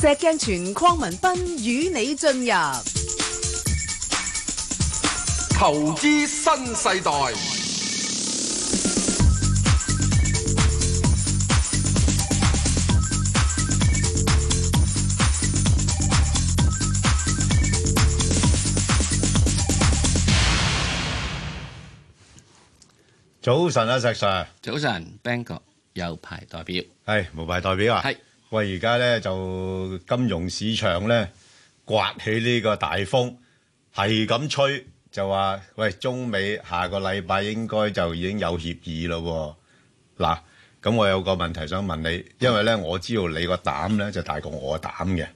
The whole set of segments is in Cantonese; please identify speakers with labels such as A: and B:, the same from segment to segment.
A: 石鏡泉、鄺民彬與你進
B: 入
C: 投資新世代。
D: 早晨啊，石 Sir！早晨，Bingo 有排代表係冇排代表啊！係。喂，而家咧就金融市場咧刮起呢個大風，係咁吹，就話喂中美下個禮拜應該就已經有協議咯喎。嗱，咁我有個問題想問你，因為咧我知道你個膽咧就大過我膽嘅。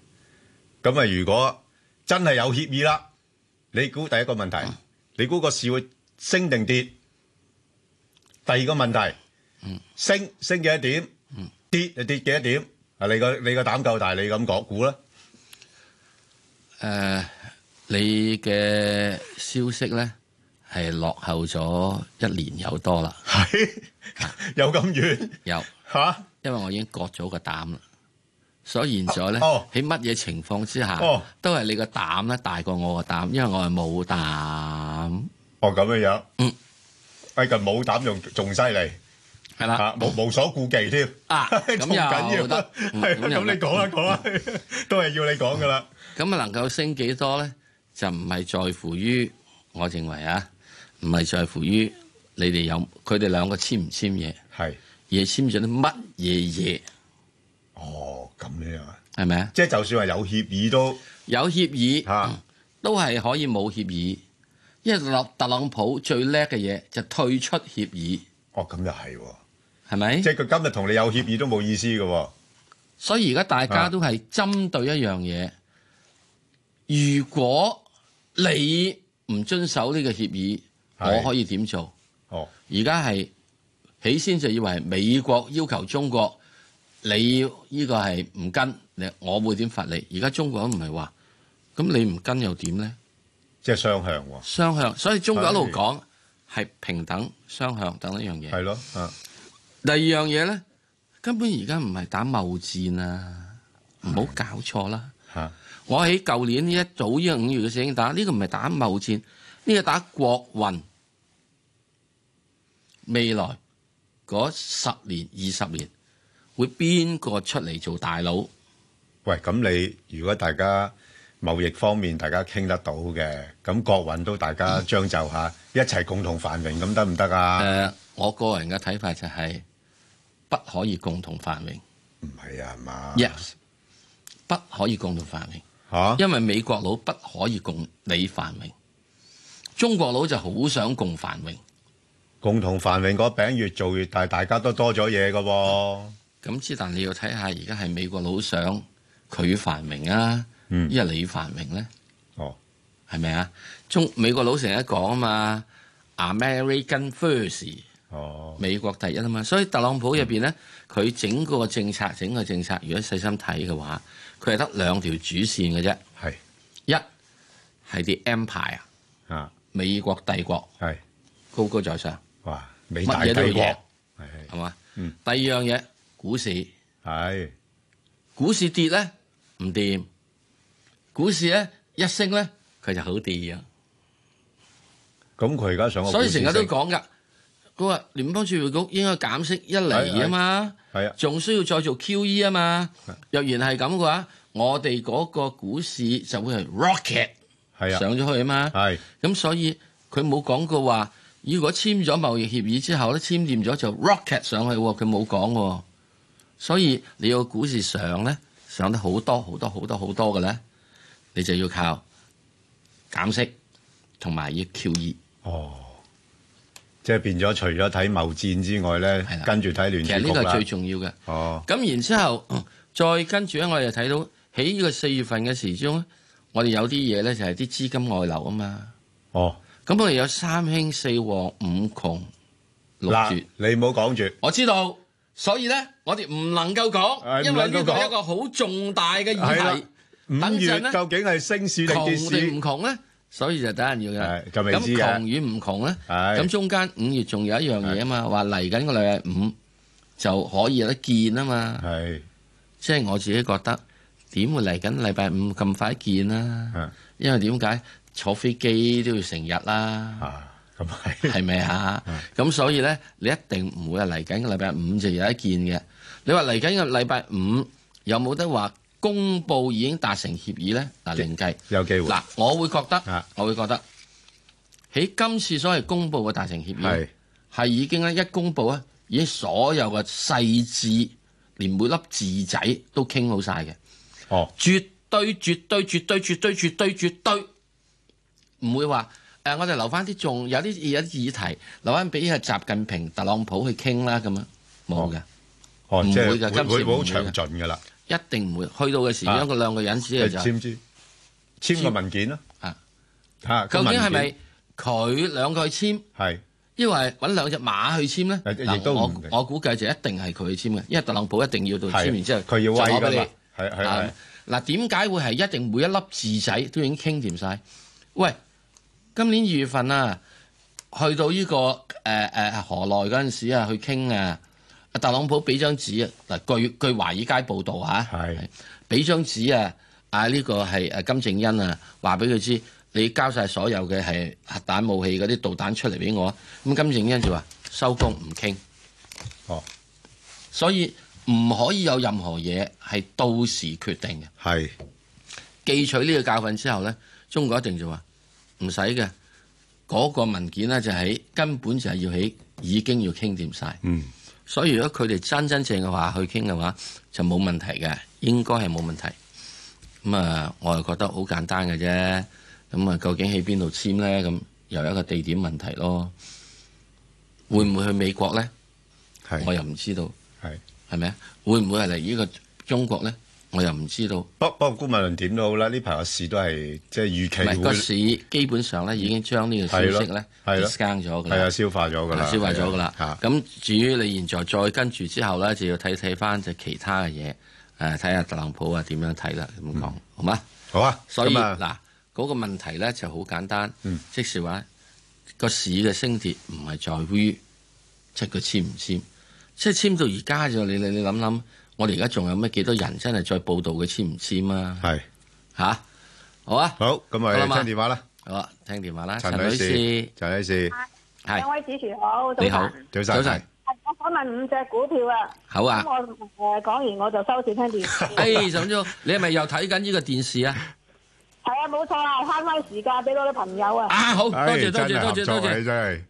D: 咁啊，如果真係有協議啦，你估第一個問題，你估個市會升定跌？第二個問題，升升幾多點？跌跌幾多點？啊！你個你個膽夠大，你咁講估啦。誒，
E: 你嘅消息咧係落後咗一年有多啦。
D: 係，有咁遠？
E: 有吓，因為我已經割咗個膽啦，所以現在咧喺乜嘢情況之下，都係你個
D: 膽咧大過我個膽，因為我係冇膽。哦，咁嘅樣，嗯，最近冇膽仲仲犀利。係啦，無無所顧忌添。啊，咁、啊、又緊要得，咁又，咁你講啦，講啦，都係要你講噶啦。
E: 咁啊，能夠升幾多咧？就唔係在乎於，我認為啊，唔係在乎於你哋有，佢哋兩個簽唔簽嘢。係而係簽咗啲乜嘢嘢？哦，咁樣啊？係咪啊？即係就算話有協議都，有協議吓、嗯，都係可以冇協議。因為立特朗普最叻嘅嘢就退出協議。哦，咁又係。係咪？即係佢今日同你有協議都冇意思嘅、啊。所以而家大家都係針對一樣嘢。啊、如果你唔遵守呢個協議，我可以點做？哦。而家係起先就以為美國要求中國，你呢個係唔跟，你，我會點罰你？而家中國都唔係話，咁你唔跟又點咧？即係雙向喎。雙向，所以中國一路講係平等、雙向等一樣嘢。係咯，嗯、啊。第二樣嘢咧，根本而家唔係打貿戰啊！唔好搞錯啦。嚇！我喺舊年呢一早依個五月嘅時打，呢個唔係打貿戰，呢、呢個打國運。未來嗰十年、二十年，會邊
D: 個出嚟做大佬？喂，咁你如果大家貿易方面大家傾得到嘅，咁國運都大家將就下，嗯、一齊共同繁榮咁得唔得啊？誒、呃，我個人嘅睇法就係、係。不可以共同繁榮，唔係啊嘛。
E: Yes，不可以共同繁榮嚇、啊，因為美國佬
D: 不可以共你繁榮，中國佬就好想共繁榮。共同繁榮個餅越做越大，大家都多咗嘢嘅噃。咁之，但
E: 你要睇下而家係美國佬想佢繁榮啊，嗯、因為你繁榮咧，哦，係咪啊？中美國佬成日講啊嘛，American first。美國第一啊嘛，所以特朗普入邊咧，佢、嗯、整個政策整個政策，如果細心睇嘅話，佢係得兩條主線嘅啫。係一係啲 empire 啊，美國帝國係高高在上哇，美大帝國係，係嘛，嗯。第二樣嘢股市係，股市跌咧唔掂，股市咧一升咧佢就好掂啊。咁佢而家想，所以成日都講噶。佢話聯邦儲備局應該減息一厘啊嘛，係啊，仲需要再做 QE 啊嘛，係啊。若然係咁嘅話，我哋嗰個股市就會係 rocket 上咗去啊嘛。係，咁所以佢冇講過話，如果簽咗貿易協議之後咧，簽掂咗就 rocket 上去喎，佢冇講喎。所以你個股市上咧，上得好多好多好多好多嘅咧，你就要靠
D: 減息同埋要 QE。哦。即係變咗，除咗睇貿戰之外咧，跟住睇聯儲局啦。其實呢個係最重要嘅。哦。咁
E: 然之後，再跟住咧，我哋就睇到喺呢個四月份嘅時鐘，我哋有啲嘢咧就係啲資金外流啊嘛。哦。咁我哋有三興四旺五
D: 窮。嗱，你唔好講住。我
E: 知道。所以咧，我哋唔能夠講，因為呢個係一個好重大嘅議題。係啦。五月究竟係升市定跌市？五窮咧？所以就等人要嘅。咁窮與唔窮咧？咁中間五月仲有一樣嘢啊嘛，話嚟緊個禮拜五就可以有得見啊嘛。係，即係我自己覺得點會嚟緊禮拜五咁快見啊？因為點解坐飛機都要成日啦？咁係係咪啊？咁所以咧，你一定唔會係嚟緊個禮拜五就有得見嘅。你話嚟緊個禮拜五有冇得話？公布已經達成協議咧，嗱，另計有機會。嗱，我會覺得，啊、我會覺得喺今次所謂公布嘅達成協議，係已經咧一公布咧，已經所有嘅細節，連每粒字仔都傾好晒嘅。哦，絕對、絕對、絕對、絕對、絕對、絕對，唔會話誒、呃，我哋留翻啲仲有啲有啲議題，留翻俾係習近平、特朗普去傾啦咁樣，冇嘅，唔、哦哦、會嘅，今次好詳盡嘅啦。一定唔會去到嘅時間，嗰兩個人只係簽字、簽個文件咯。啊啊！究竟係咪佢兩個去簽？係，因為揾兩隻馬去簽咧。亦都我我估計就一定係佢去簽嘅，因為特朗普一定要到簽完之後，佢要威噶啦。係係係。嗱，點解會係一定每一粒字仔都已經傾掂曬？喂，今年二月份啊，去到呢個誒誒河內嗰陣時啊，去傾啊。阿特朗普俾張紙啊，嗱，據據華爾街報道嚇，俾張紙啊，啊呢個係阿金正恩啊，話俾佢知，你交晒所有嘅係核彈武器嗰啲導彈出嚟俾我。咁金正恩就話收工唔傾。哦，所以唔可以有任何嘢係到時決定嘅。係記取呢個教訓之後咧，中國一定就話唔使嘅嗰個文件咧，就喺根本就係要喺已經要傾掂晒。嗯。所以如果佢哋真真正正嘅話去傾嘅話，就冇問題嘅，應該係冇問題。咁啊，我就覺得好簡單嘅啫。咁啊，究竟喺邊度簽咧？咁又有一個地點問題咯。會唔會去美國咧？我又唔知道。係係咪啊？會唔會係嚟呢個中國咧？我又唔知道。不不過，無論點都好啦，呢排個市都係即係預期股。個市基本上咧已經將呢個消息咧 discount 咗㗎啦，消化咗㗎啦，消化咗㗎啦。咁至於你現在再跟住之後咧，就要睇睇返就其他嘅嘢，誒睇下特朗普啊點樣睇啦？咁、嗯、講好嗎？好啊。所以嗱，嗰、啊那個問題咧就好簡單，嗯、即係話個市嘅升跌唔係在於即係佢簽唔簽，即、就、係、是、簽到而家就你你你諗諗。我哋而家仲有咩幾多人真係再報道嘅簽唔簽啊？係吓好
D: 啊，好咁啊，聽電話啦，好啊，聽電話啦，陳女士，陳女士，係兩位主持好，你好，早晨，早晨，我想問
A: 五隻股票啊，好啊，咁我誒講完我就收線聽電視。誒，陳總，
E: 你係咪又睇緊呢個電視啊？
A: 係啊，冇錯啦，慳
D: 翻時間俾到你朋友啊。啊，好多謝，多謝，多謝，多謝。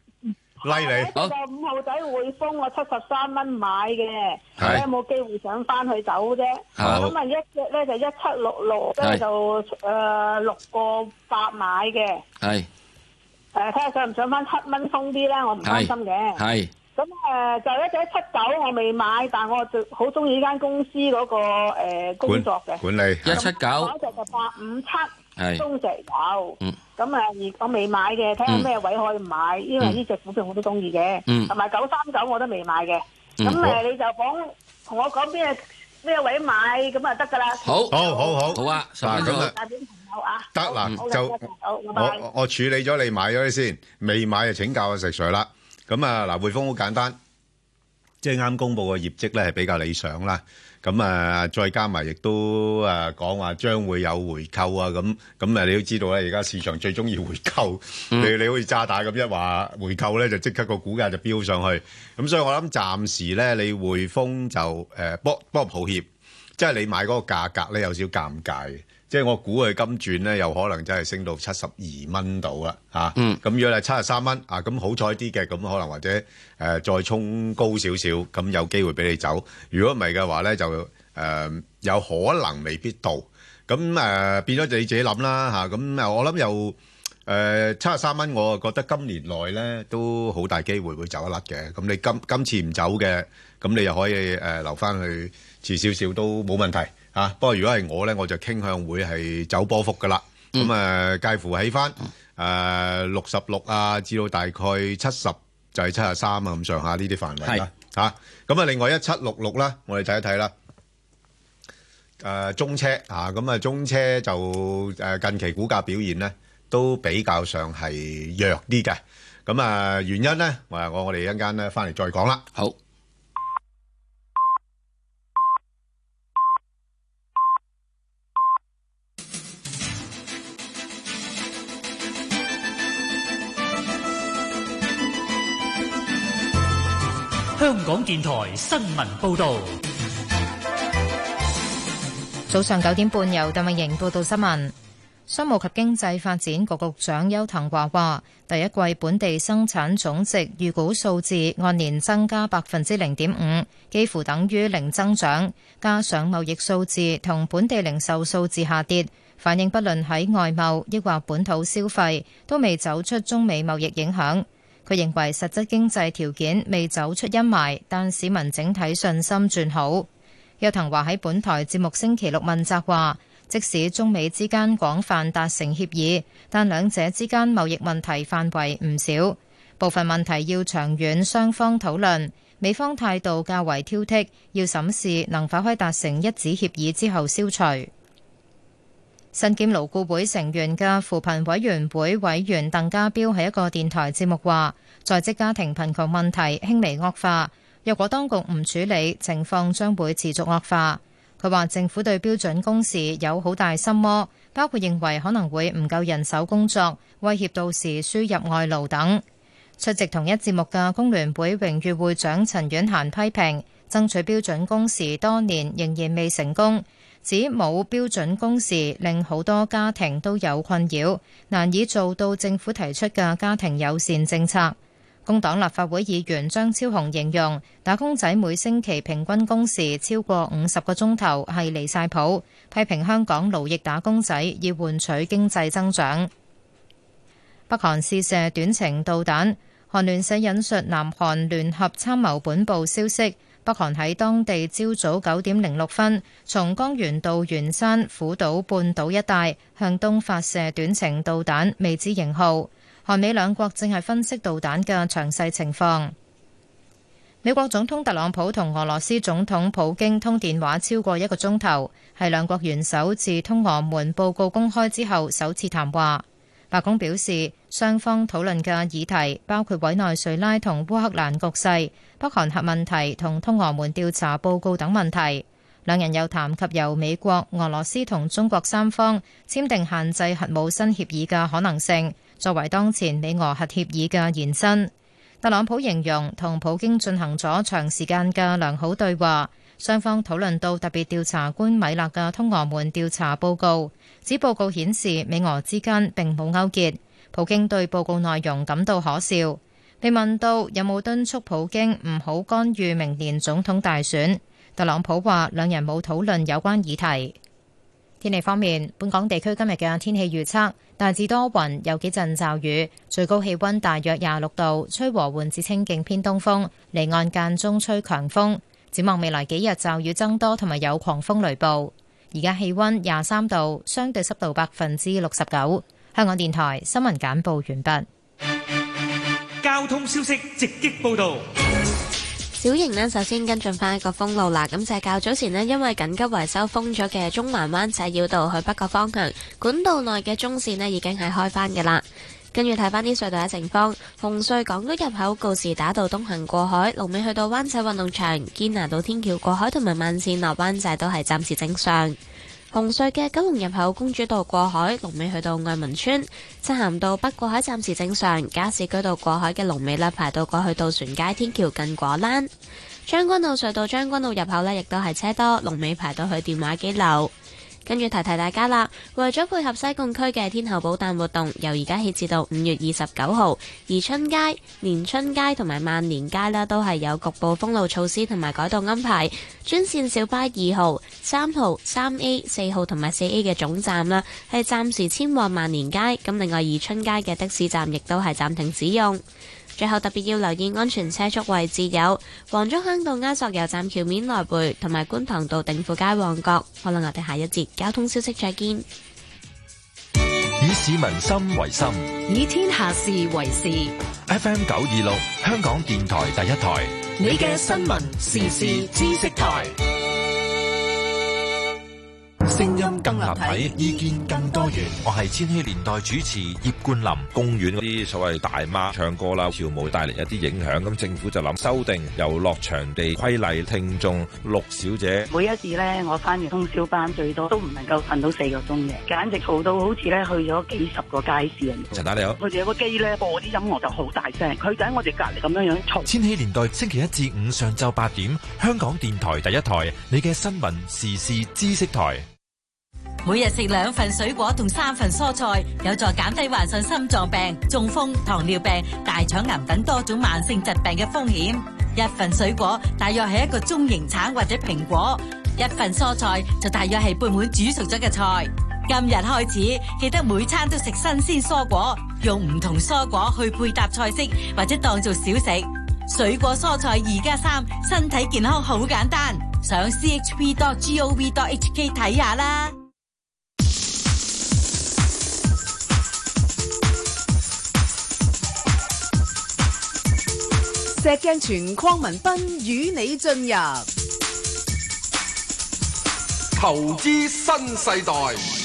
D: 拉你，
A: 好。一隻五號仔匯豐我七十三蚊買嘅，冇機會想翻去走啫。咁啊，一隻咧就一七六六咧就誒六個八買嘅。係。誒，睇下上唔上翻七蚊鬆啲咧，我唔開心嘅。係。咁誒，就一隻一七九我未買，但我就好中意間公司嗰個誒工作嘅。管理一七九。嗰隻就八五七。係。中石油。嗯。咁誒，我未買嘅，睇下咩位可以買。因為呢隻股票我
D: 都中意嘅，同埋九三九我都未買嘅。咁誒，你就講，同我講邊誒咩
A: 位買，咁啊得噶啦。好，好，好好啊，十分鐘啦。
F: 帶俾
D: 朋友啊，得嗱就好。我我處理咗你買咗你先，未買就請教阿石 Sir 啦。咁啊嗱，匯豐好簡單，即係啱公布嘅業績咧係比較理想啦。咁啊，再加埋亦都啊，講話將會有回購啊，咁咁啊，你都知道咧，而家市場最中意回購，嗯、你你好似炸彈咁一話回購咧，就即刻個股價就飆上去。咁所以我諗暫時咧，你匯豐就誒不、呃、幫我抱歉。即係你買嗰個價格咧有少尷尬嘅，即係我估佢金轉咧又可能真係升到七十二蚊到啦嚇，嗯，咁如果係七十三蚊啊，咁好彩啲嘅，咁可能或者誒再衝高少少，咁有機會俾你走。如果唔係嘅話咧，就誒有可能未必到，咁誒變咗你自己諗啦嚇，咁我諗又。誒，七十三蚊，我啊覺得今年內咧都好大機會會走得甩嘅。咁你今今次唔走嘅，咁你又可以誒留翻去遲少少都冇問題啊。不過如果係我咧，我就傾向會係走波幅噶啦。咁啊介乎起返誒六十六啊至到大概七十，就係七十三啊咁上下呢啲範圍啦吓。咁啊，另外一七六六啦，我哋睇一睇啦。誒，中車啊，咁啊中車就誒近期股價表現咧。都比較上係弱啲嘅，咁啊原因咧，我我哋一陣間咧翻嚟再講啦。好。
A: 香港電台新聞報導，
G: 早上九點半由鄧慧盈報道新聞。商務及經濟發展局局長邱騰華話，第一季本地生產總值預估數字按年增加百分之零點五，幾乎等於零增長。加上貿易數字同本地零售數字下跌，反映不論喺外貿抑或本土消費都未走出中美貿易影響。佢認為實質經濟條件未走出陰霾，但市民整體信心轉好。邱騰華喺本台節目星期六問責話：即使中美之間廣泛達成協議，但兩者之間貿易問題範圍唔少，部分問題要長遠雙方討論。美方態度較為挑剔，要審視能否可以達成一紙協議之後消除。新檢勞顧會成員嘅扶貧委員會委員鄧家彪喺一個電台節目話：在職家庭貧窮問題輕微惡化，若果當局唔處理，情況將會持續惡化。佢話：政府對標準工時有好大心魔，包括認為可能會唔夠人手工作，威脅到時輸入外勞等。出席同一節目嘅工聯會榮譽會長陳婉嫻批評，爭取標準工時多年仍然未成功，指冇標準工時，令好多家庭都有困擾，難以做到政府提出嘅家庭友善政策。工黨立法會議員張超雄形容打工仔每星期平均工時超過五十個鐘頭係離晒譜，批評香港勞役打工仔以換取經濟增長。北韓試射短程導彈，韓聯社引述南韓聯合參謀本部消息，北韓喺當地朝早九點零六分，從江原道元山虎島半島一帶向東發射短程導彈，未知型號。韓美兩國正係分析導彈嘅詳細情況。美國總統特朗普同俄羅斯總統普京通電話超過一個鐘頭，係兩國元首自通俄門報告公開之後首次談話。白宮表示，雙方討論嘅議題包括委內瑞拉同烏克蘭局勢、北韓核問題同通俄門調查報告等問題。兩人又談及由美國、俄羅斯同中國三方簽訂限制核武新協議嘅可能性。作為當前美俄核協議嘅延伸，特朗普形容同普京進行咗長時間嘅良好對話，雙方討論到特別調查官米勒嘅通俄門調查報告，指報告顯示美俄之間並冇勾結。普京對報告內容感到可笑。被問到有冇敦促普京唔好干預明年總統大選，特朗普話兩人冇討論有關議題。天氣方面，本港地區今日嘅天氣預測。大致多雲，有幾陣驟雨，最高氣溫大約廿六度，吹和緩至清勁偏東風，離岸間中吹強風。展望未來幾日，驟雨增多，同埋有狂風雷暴。而家氣溫廿三度，相對濕度百分之六十九。香港電台新聞簡報完畢。交通消息，直
B: 擊報道。
H: 小型呢，首先跟進翻一個封路啦。咁就係較早前呢，因為緊急維修封咗嘅中環灣仔繞道去北角方向管道內嘅中線呢，已經係開返嘅啦。跟住睇翻啲隧道嘅情況，紅隧港島入口告士打道東行過海、龍尾去到灣仔運動場、堅拿道天橋過海同埋慢線落灣仔都係暫時正常。紅隧嘅九龍入口公主道過海，龍尾去到愛民村；西行道北過海暫時正常，加士居道過海嘅龍尾呢，排到過去渡船街天橋近果欄；將軍澳隧道將軍澳入口呢，亦都係車多，龍尾排到去電話機樓。跟住提提大家啦，為咗配合西貢區嘅天后寶誕活動，由而家起至到五月二十九號，宜春街、連春街同埋萬年街呢都係有局部封路措施同埋改道安排。專線小巴二號、三號、三 A、四號同埋四 A 嘅總站啦，係暫時遷往萬年街。咁另外宜春街嘅的，的士站亦都係暫停使用。最後特別要留意安全車速位置，有黃竹坑道埃索油站橋面來回，同埋觀塘道定富街旺角。可能我哋下一節交通消息再見。
I: 以市民心為心，
H: 以天下事為事。
I: FM 九二六香港電台第一台，你嘅新聞時事知識台。聲音更立體，意見更多元。我係千禧年代主持葉冠林。公園嗰啲所謂大媽唱歌啦、跳舞帶嚟一啲影響，咁政府就諗修訂遊樂場地規例。聽眾陸小姐，
B: 每一次呢，我翻完通宵班，最多都唔能夠瞓到四個鐘嘅，簡直嘈到好似呢去咗幾十個街市。陳大你好，我哋有個機呢，播啲音樂就好大聲，佢就喺我哋隔籬咁樣樣
I: 嘈。千禧年代星期一至五上晝八點，香港電台第一台，你嘅新聞時事知識台。
H: 每日食兩份水果同三份蔬菜，有助減低患上心臟病、中風、糖尿病、大腸癌等多種慢性疾病嘅風險。一份水果大約係一個中型橙或者蘋果，一份蔬菜就大約係半碗煮熟咗嘅菜。今日開始記得每餐都食新鮮蔬果，用唔同蔬果去配搭菜式或者當做小食。水果蔬菜二加三，身體健康好簡單。上 chp.gov.hk 睇下啦。
A: 石鏡泉鄺民彬與你進入
C: 投資新世代。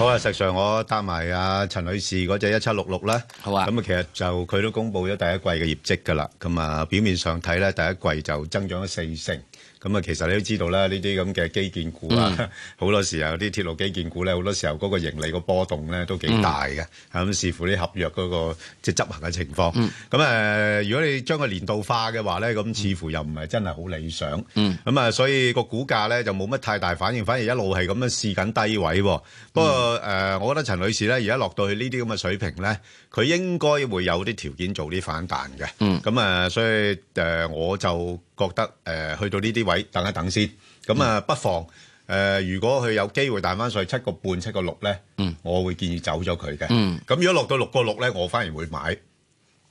D: 好啊，事實上我答埋阿陳女士嗰隻一七六六呢，好啊，咁啊，其實就佢都公布咗第一季嘅業績㗎啦。咁啊，表面上睇呢，第一季就增長咗四成。咁啊，其實你都知道啦，呢啲咁嘅基建股啊，好、嗯、多時候啲鐵路基建股咧，好多時候嗰個盈利個波動咧都幾大嘅，咁、嗯、視乎啲合約嗰、那個即係、就是、執行嘅情況。咁、嗯、誒，如果你將佢年度化嘅話咧，咁似乎又唔係真係好理想。咁、嗯、啊，所以個股價咧就冇乜太大反應，反而一路係咁樣試緊低位。不過誒、嗯呃，我覺得陳女士咧，而家落到去呢啲咁嘅水平咧。佢應該會有啲條件做啲反彈嘅，咁、嗯、啊，所以誒、呃、我就覺得誒、呃、去到呢啲位等一等先，咁啊、嗯，不妨誒、呃、如果佢有機會彈翻上去七個半、七個六咧，嗯，我會建議走咗佢嘅，嗯，咁如果落到六個六咧，我反而會買，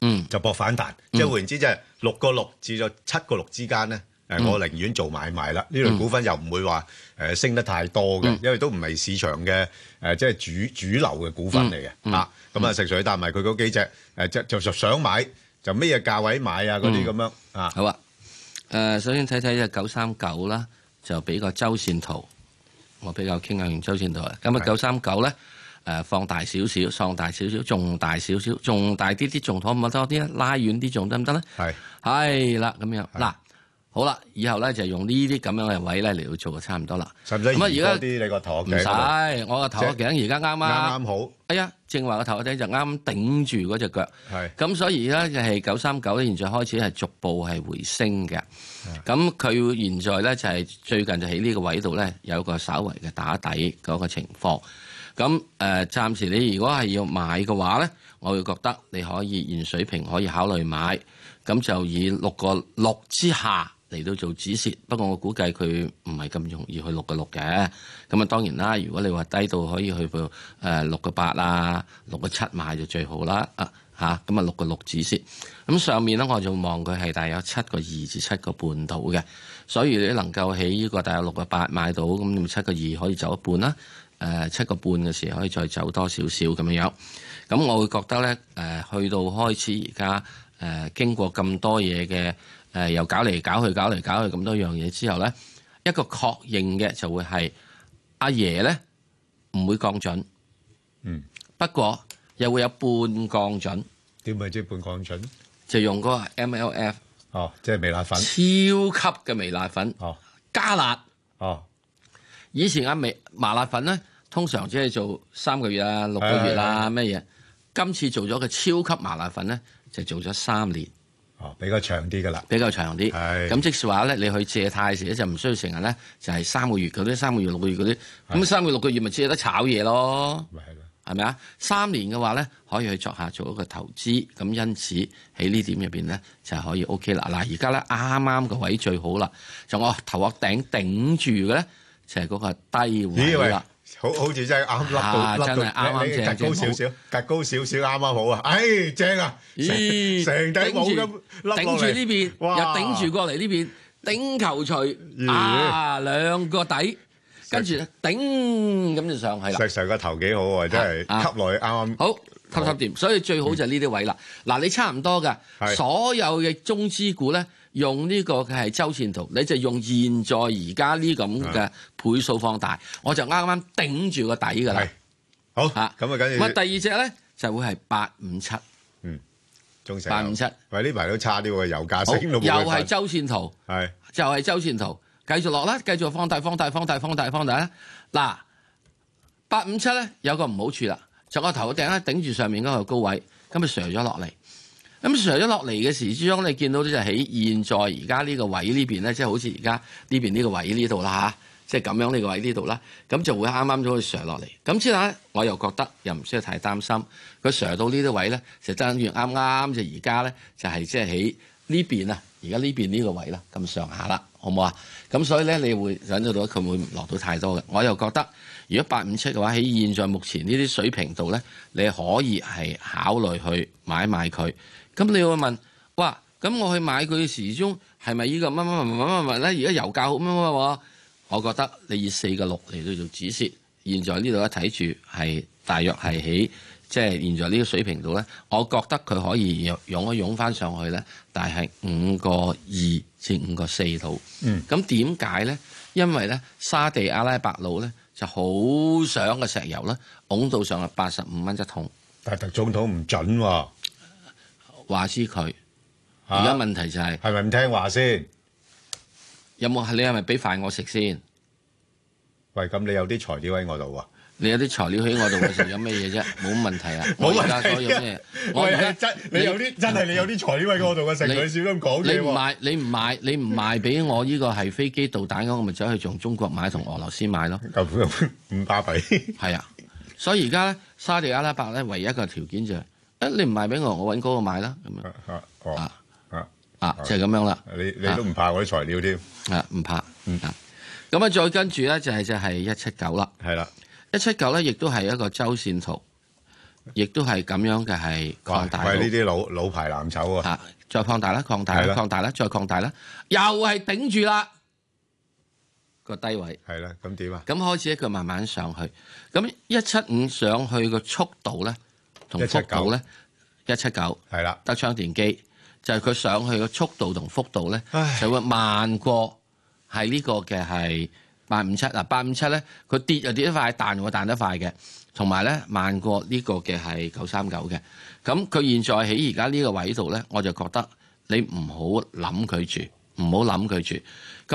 D: 嗯，就搏反彈，即係換言之，即係六個六至咗七個六之間咧、嗯，我寧願做買賣啦，呢、嗯、類股份又唔會話、呃、升得太多嘅、嗯，因為都唔係市場嘅即係主主流嘅股份嚟嘅，嗯嗯啊。咁、嗯、啊，食水，佢帶埋佢嗰幾隻，誒，就就想買，就咩嘢價位買啊，嗰啲咁樣啊。好啊，
E: 誒、呃，首先睇睇隻九三九啦，就俾個周線圖，我比較傾向用周線圖啊。咁啊，九三九咧，誒，放大少少，放大少少，仲大少少，仲大啲啲，仲妥唔可多啲啊？拉遠啲仲得唔得咧？係，係啦，咁樣，嗱，好啦、啊，以後咧就用呢啲咁樣嘅位咧嚟到做，就差唔多啦。咁唔而家多啲
D: 你個頭唔使，我個頭
E: 頸而家啱啊，啱、就是、好。係、哎、啊，正話個頭嗰頂就啱啱頂住嗰隻腳，咁所以呢，就係九三九咧，現在開始係逐步係回升嘅。咁佢現在咧就係最近就喺呢個位度咧有一個稍微嘅打底嗰個情況，咁誒暫時你如果係要買嘅話咧，我會覺得你可以現水平可以考慮買，咁就以六個六之下嚟到做止蝕，不過我估計佢唔係咁容易去六個六嘅，咁啊當然啦，如果你話低到可以去到誒六個八啊，六個七買就最好啦，啊嚇，咁啊六個六止蝕，咁上面咧我就望佢係大約有七個二至七個半到嘅，所以你能夠喺呢個大約有六個八買到，咁你七個二可以走一半啦，誒七個半嘅時候可以再走多少少咁樣樣，咁我會覺得咧誒去到開始而家誒經過咁多嘢嘅。誒，又搞嚟搞去，搞嚟搞去，咁多樣嘢之後咧，一個確認嘅就會係阿爺咧，唔會降準。嗯，不過又會有半降準。點係即係半降準？就用嗰個 MLF 哦，即係微辣粉，超級嘅微辣粉哦，加辣哦。以前阿微麻辣粉咧，通常只係做三個月啦、啊、六個月啦、啊，咩嘢？今次做咗個超級麻辣粉咧，就做咗三年。
D: 比較長啲嘅啦，比較長
E: 啲，咁即是話咧即係，你去借貸時咧就唔需要成日咧，就係、是、三個月嗰啲，三個月六個月嗰啲，咁三個月六個月咪借得炒嘢咯，咪係咪啊？三年嘅話咧，可以去作下做一個投資，咁因此喺呢點入邊咧就係可以 OK 啦。嗱，而家咧啱啱個位最好啦，就我頭殼頂頂住嘅咧就係、是、嗰個低位啦。
D: 好好似真係啱笠到笠到，你、啊、格高少少，格高少少啱啱好啊！哎，正啊！咦，成頂帽咁笠落嚟呢邊，又頂住過嚟呢邊，
E: 頂球錘啊兩個底，跟住頂咁就上去啦。石
D: 上個頭幾好啊，真係吸落去啱啱好，吸吸掂、嗯。所以最好就呢
E: 啲位啦。嗱、啊，你差唔多噶，所有嘅中資股咧。用呢個佢係周線圖，你就用現在而家呢咁嘅倍數放大，我就啱啱頂
D: 住個底㗎啦。好，咁啊，緊要。咁啊，第二隻咧就會係八五七。嗯，中石油八五七。喂，呢排都差啲喎，油價升又係周線圖，
E: 係就係周線圖，繼續落啦，繼續放大、放大、放大、放大、放大啦。嗱，八五七咧有個唔好處啦，就個頭頂咧頂住上面嗰個高位，咁咪瀉咗落嚟。咁上咗落嚟嘅時之你見到呢就喺現在而家呢個位呢邊咧，即係好似而家呢邊呢個位呢度啦吓，即係咁樣呢個位呢度啦，咁就會啱啱咗去上落嚟。咁之後咧，我又覺得又唔需要太擔心。佢上到呢啲位咧，就真係啱啱就而家咧，就係即係喺呢邊啊，而家呢邊呢個位啦，咁上下啦，好唔好啊？咁所以咧，你會想到到佢會唔落到太多嘅。我又覺得，如果八五七嘅話，喺現在目前呢啲水平度咧，你可以係考慮去買買佢。咁你會問，哇！咁我去買佢時鐘，係咪依個乜乜乜乜乜乜咧？而家油價好乜乜喎？我覺得你以四個六嚟做止蝕，現在呢度一睇住係大約係喺即係現在呢個水平度咧，我覺得佢可以用一擁翻上去咧，但係五個二至五個四度。嗯，咁點解咧？因為咧，沙地阿拉伯佬咧就好想個石油咧，拱到上去八十五蚊一桶。但特總統唔準喎、啊。話知佢，而家問題就係係咪唔聽話先？有冇你係咪俾飯我食先？喂，咁你有啲材料喺我度喎？ 你有啲材料喺我度嘅時候有咩嘢啫？冇問題啊！冇問題啊！我而家真，你有啲真係你有
D: 啲材料喺我度嘅，成女少咁講嘢。你唔賣
E: 你唔賣？你唔賣俾我？呢個係飛機導彈噉，我咪走去從中國買同俄羅斯買咯。咁唔搭配。係啊，所以而家呢，沙地阿拉伯呢，唯一一個條件就係、是。誒，你唔賣俾我，我搵嗰個買啦，咁樣啊，哦，啊，啊，啊，啊，啊，就係咁樣啦。你你都唔
D: 怕嗰啲材料添？啊，唔怕，啊，唔怕。
E: 嗯啊，咁啊，再跟住咧就係就係一七九啦。係啦，一七九咧亦都係一個周線圖，亦都係咁樣嘅係擴大。喂，呢啲老老牌藍籌啊！啊，再擴大啦，擴大啦，擴大啦，再擴大啦，又係頂住啦個低位。係啦，咁點啊？咁開始咧，佢慢慢上去。咁一七五上去個速度咧？同幅度咧，一七九，係啦，德昌電機就係、是、佢上去嘅速度同幅度咧，就會慢過係、啊、呢個嘅係八五七嗱，八五七咧佢跌就跌得快，彈我彈得快嘅，同埋咧慢過呢個嘅係九三九嘅，咁佢現在喺而家呢個位度咧，我就覺得你唔好諗佢住，唔好諗佢住，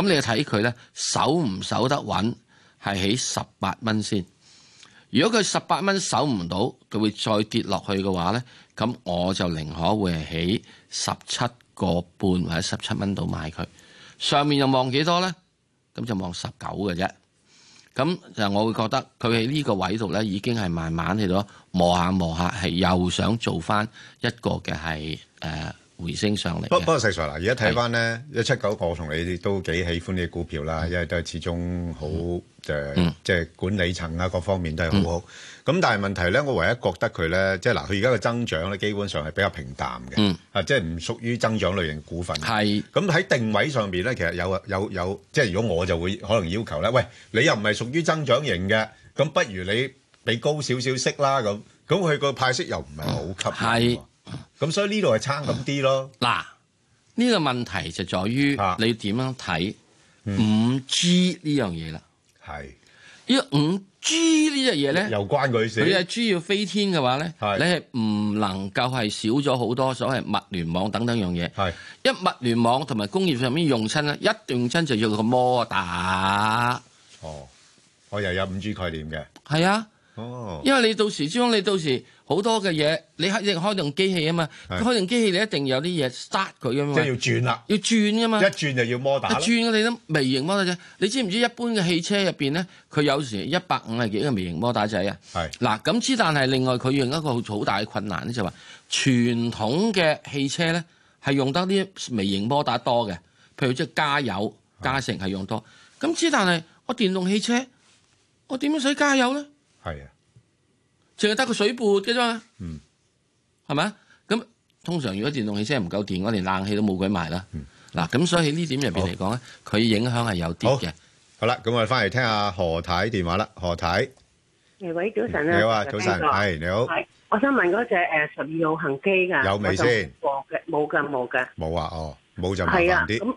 E: 咁你要睇佢咧守唔守得穩，係起十八蚊先。如果佢十八蚊守唔到，佢會再跌落去嘅話呢，咁我就寧可會喺十七個半或者十七蚊度買佢。上面又望幾多呢？咁就望十九嘅啫。咁就我會覺得佢喺呢個位度呢已經係慢慢喺度磨下磨下，係又想做翻一個嘅係回升上嚟。不不
D: 過 Sir，石 Sir 啦，而家睇翻咧，一七九個，我同你都幾喜歡啲股票啦，因為都係始終好誒，即、嗯、係、呃就是、管理層啊，各方面都係好好。咁、嗯、但係問題咧，我唯一覺得佢咧，即係嗱，佢而家嘅增長咧，基本上係比較平淡嘅、嗯，啊，即係唔屬於增長類型股份。係。咁喺定位上邊咧，其實有啊，有有，即、就、係、是、如果我就會可能要求咧，喂，你又唔係屬於增長型嘅，咁不如你俾高少少息啦，咁，咁佢個派息又唔係好吸引。嗯咁、嗯、所以呢度係差咁啲咯。
E: 嗱，呢、呢個問題就在於你點樣睇五、嗯、G 呢樣嘢啦。係，呢個五 G 呢樣嘢咧，又關佢事。佢係豬要飛天嘅話咧，你係唔能夠係少咗好多，所謂物聯網等等樣嘢。係，一物聯網同埋工業上面用親咧，一定親就要一個摩打。哦，我又有五 G 概念嘅。
D: 係啊。哦。因為
E: 你到時將你到時。好多嘅嘢，你開用機開用機器啊嘛，開用機器你一定有啲嘢 start
D: 佢啊嘛，即係要轉啦，
E: 要轉噶嘛，一轉就要摩打，一轉你都微型摩打仔，你知唔知一般嘅汽車入邊咧，佢有時一百五十幾個微型摩打仔啊？係嗱，咁之但係另外佢用一個好大嘅困難咧就係話，傳統嘅汽車咧係用得啲微型摩打多嘅，譬如即係加油、加成係用多。咁之但係我電動汽車，我點樣使加油咧？係啊。淨係得個水撥嘅啫嘛，嗯，係咪啊？咁通常如果電動汽車唔夠電，我連冷氣都冇鬼賣啦。嗱，咁所以呢點入邊嚟講
D: 啊，佢影響係有啲嘅。好啦，咁我哋翻嚟聽下何太電話啦。何太，
B: 誒，喂，早晨啊，你好啊，早晨，係你好。我想問嗰隻誒十二號恒基噶有未先？
D: 冇嘅，冇嘅，冇嘅，冇啊，哦，冇就麻煩啲。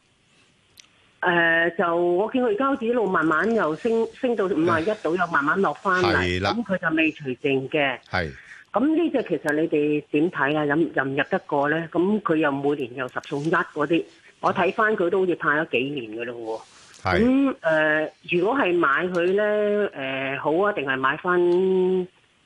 B: 誒，就我見佢而家只路慢慢又升，升到五十一度，又慢慢落翻嚟，咁佢就未除淨嘅。係，咁呢隻其實你哋點睇啊？任任入得過咧？咁佢又每年又十送一嗰啲，我睇翻佢都好似派咗幾年噶啦。
J: 咁
B: 誒，如果係買佢咧，誒，好啊，定係買翻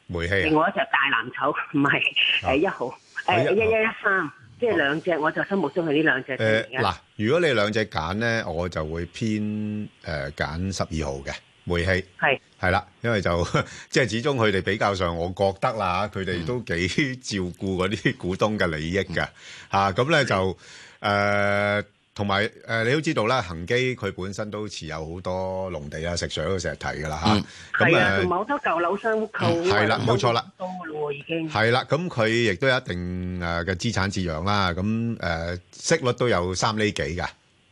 D: 煤氣啊？另外一
B: 隻大藍籌，唔係誒一號，誒一一一三。即係兩隻，我就心目中係呢兩隻。誒
D: 嗱，如果你兩隻揀咧，我就會偏誒揀十二號嘅煤氣。係係啦，因為就即係始終佢哋比較上，我覺得啦嚇，佢哋都幾照顧嗰啲股東嘅利益㗎吓。咁咧就誒。同埋誒，你都知道啦，恒基佢本身都持有好多農地啊、食水都成日睇噶啦嚇。嗯，係啊，好多舊
B: 樓商屋購係啦，冇錯啦，多啦喎已經。
D: 係啦，咁佢亦都有一定誒嘅資產置養啦。咁誒息率都有三厘幾嘅嚇。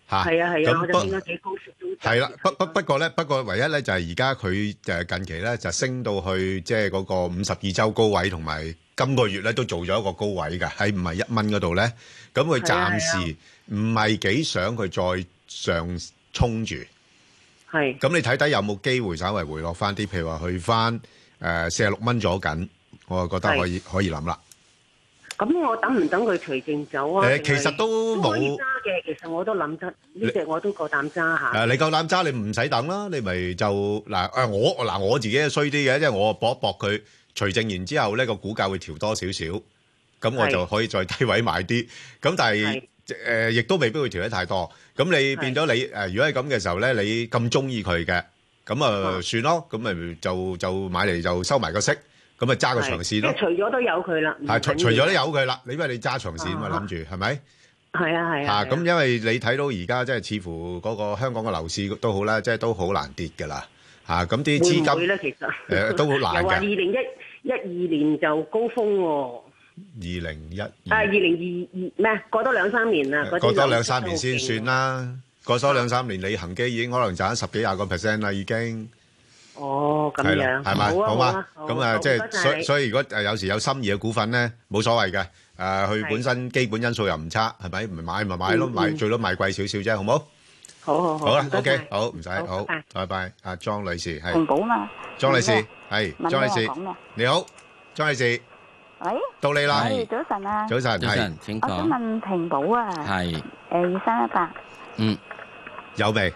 D: 係啊係啊，我就應該幾
F: 高息都。係啦，
D: 不不不過咧，不過唯一咧就係而家佢誒近期咧就升到去即係嗰個五十二周高位，同埋今個月咧都做咗一個高位嘅，係唔係一蚊嗰度咧？咁佢暫時。唔係幾想佢再上衝住，咁你睇睇有冇機會稍微回落翻啲，譬如話去翻誒四十六蚊左近，我就覺得可以可以諗啦。
B: 咁、嗯、我等唔等佢除淨走啊？其實都冇可以揸嘅，其實我都諗出呢隻我都夠膽揸下。
D: 你夠膽揸，你唔使等啦，你咪就嗱、啊、我嗱、啊、我自己係衰啲嘅，即、就、係、是、我搏一搏佢除淨，完之後呢個股價會調多少少，咁我就可以再低位買啲。咁但係誒，亦都未必會調得太多。咁你變咗你誒，如果係咁嘅時候咧，你咁中意佢嘅，咁啊算咯，咁咪就就買嚟就收埋個息，咁咪揸個長線咯。即係除
B: 咗都有佢啦。係，除除咗都有佢啦。
D: 你因為你揸長線嘛，諗住係咪？係啊，係啊。嚇！咁因為你睇到而家即係似乎嗰個香港嘅樓市都好啦，即係都好難跌㗎啦。嚇！咁啲資金誒
B: 都好難嘅。又話二零一一二年就高峰喎。
D: 二零一二，誒，二零二二咩？
B: 過多兩三年啦，過多兩三年先算
D: 啦。過咗兩三年，你恒基已經可能賺十幾廿個 percent 啦，已經。哦，
F: 咁
B: 樣，係咪？好啊。咁啊，即係，所以，所以如果
D: 誒有時有心儀嘅股份咧，冇所謂嘅。誒，佢本身基本因素又唔差，係咪？唔買咪買咯，買最多買貴少少啫，好唔好？好好好。好啦，OK，好，唔使好，拜拜。阿莊女士係。好嘛？莊女士係，莊女士，你好，莊女士。
H: 喂，到你啦。早晨啊，早
D: 晨，早晨，請講。我想問
H: 平保啊，係，誒，二三一八。
D: 嗯，有未？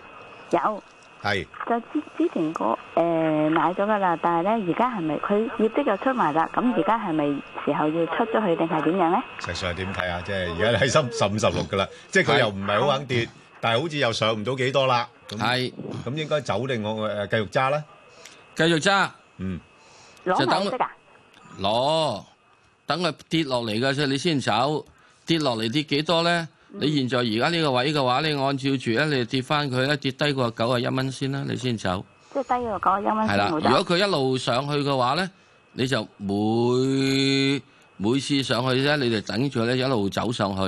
H: 有。係。就之之前嗰誒買咗噶啦，但係咧而家係咪佢業績又出埋啦？咁而家係咪時候要出咗去定係點樣咧？
D: 實際上係點睇啊？即係而家喺三十五十六噶啦，即係佢又唔係好肯跌，但係好似又上唔到幾多啦。係，咁應該走定我誒繼續揸咧？繼續揸。
F: 嗯。就等攞。
E: 等佢跌落嚟嘅，啫，你先走。跌落嚟跌幾多咧？嗯、你現在而家呢個位嘅話你按照住咧，你跌翻佢咧，跌低過九十一蚊先啦，你先走。
H: 即係低過九十一蚊先。係啦，如果佢
E: 一路上去嘅話咧，你就每每次上去咧，你就等住咧，一路走上去，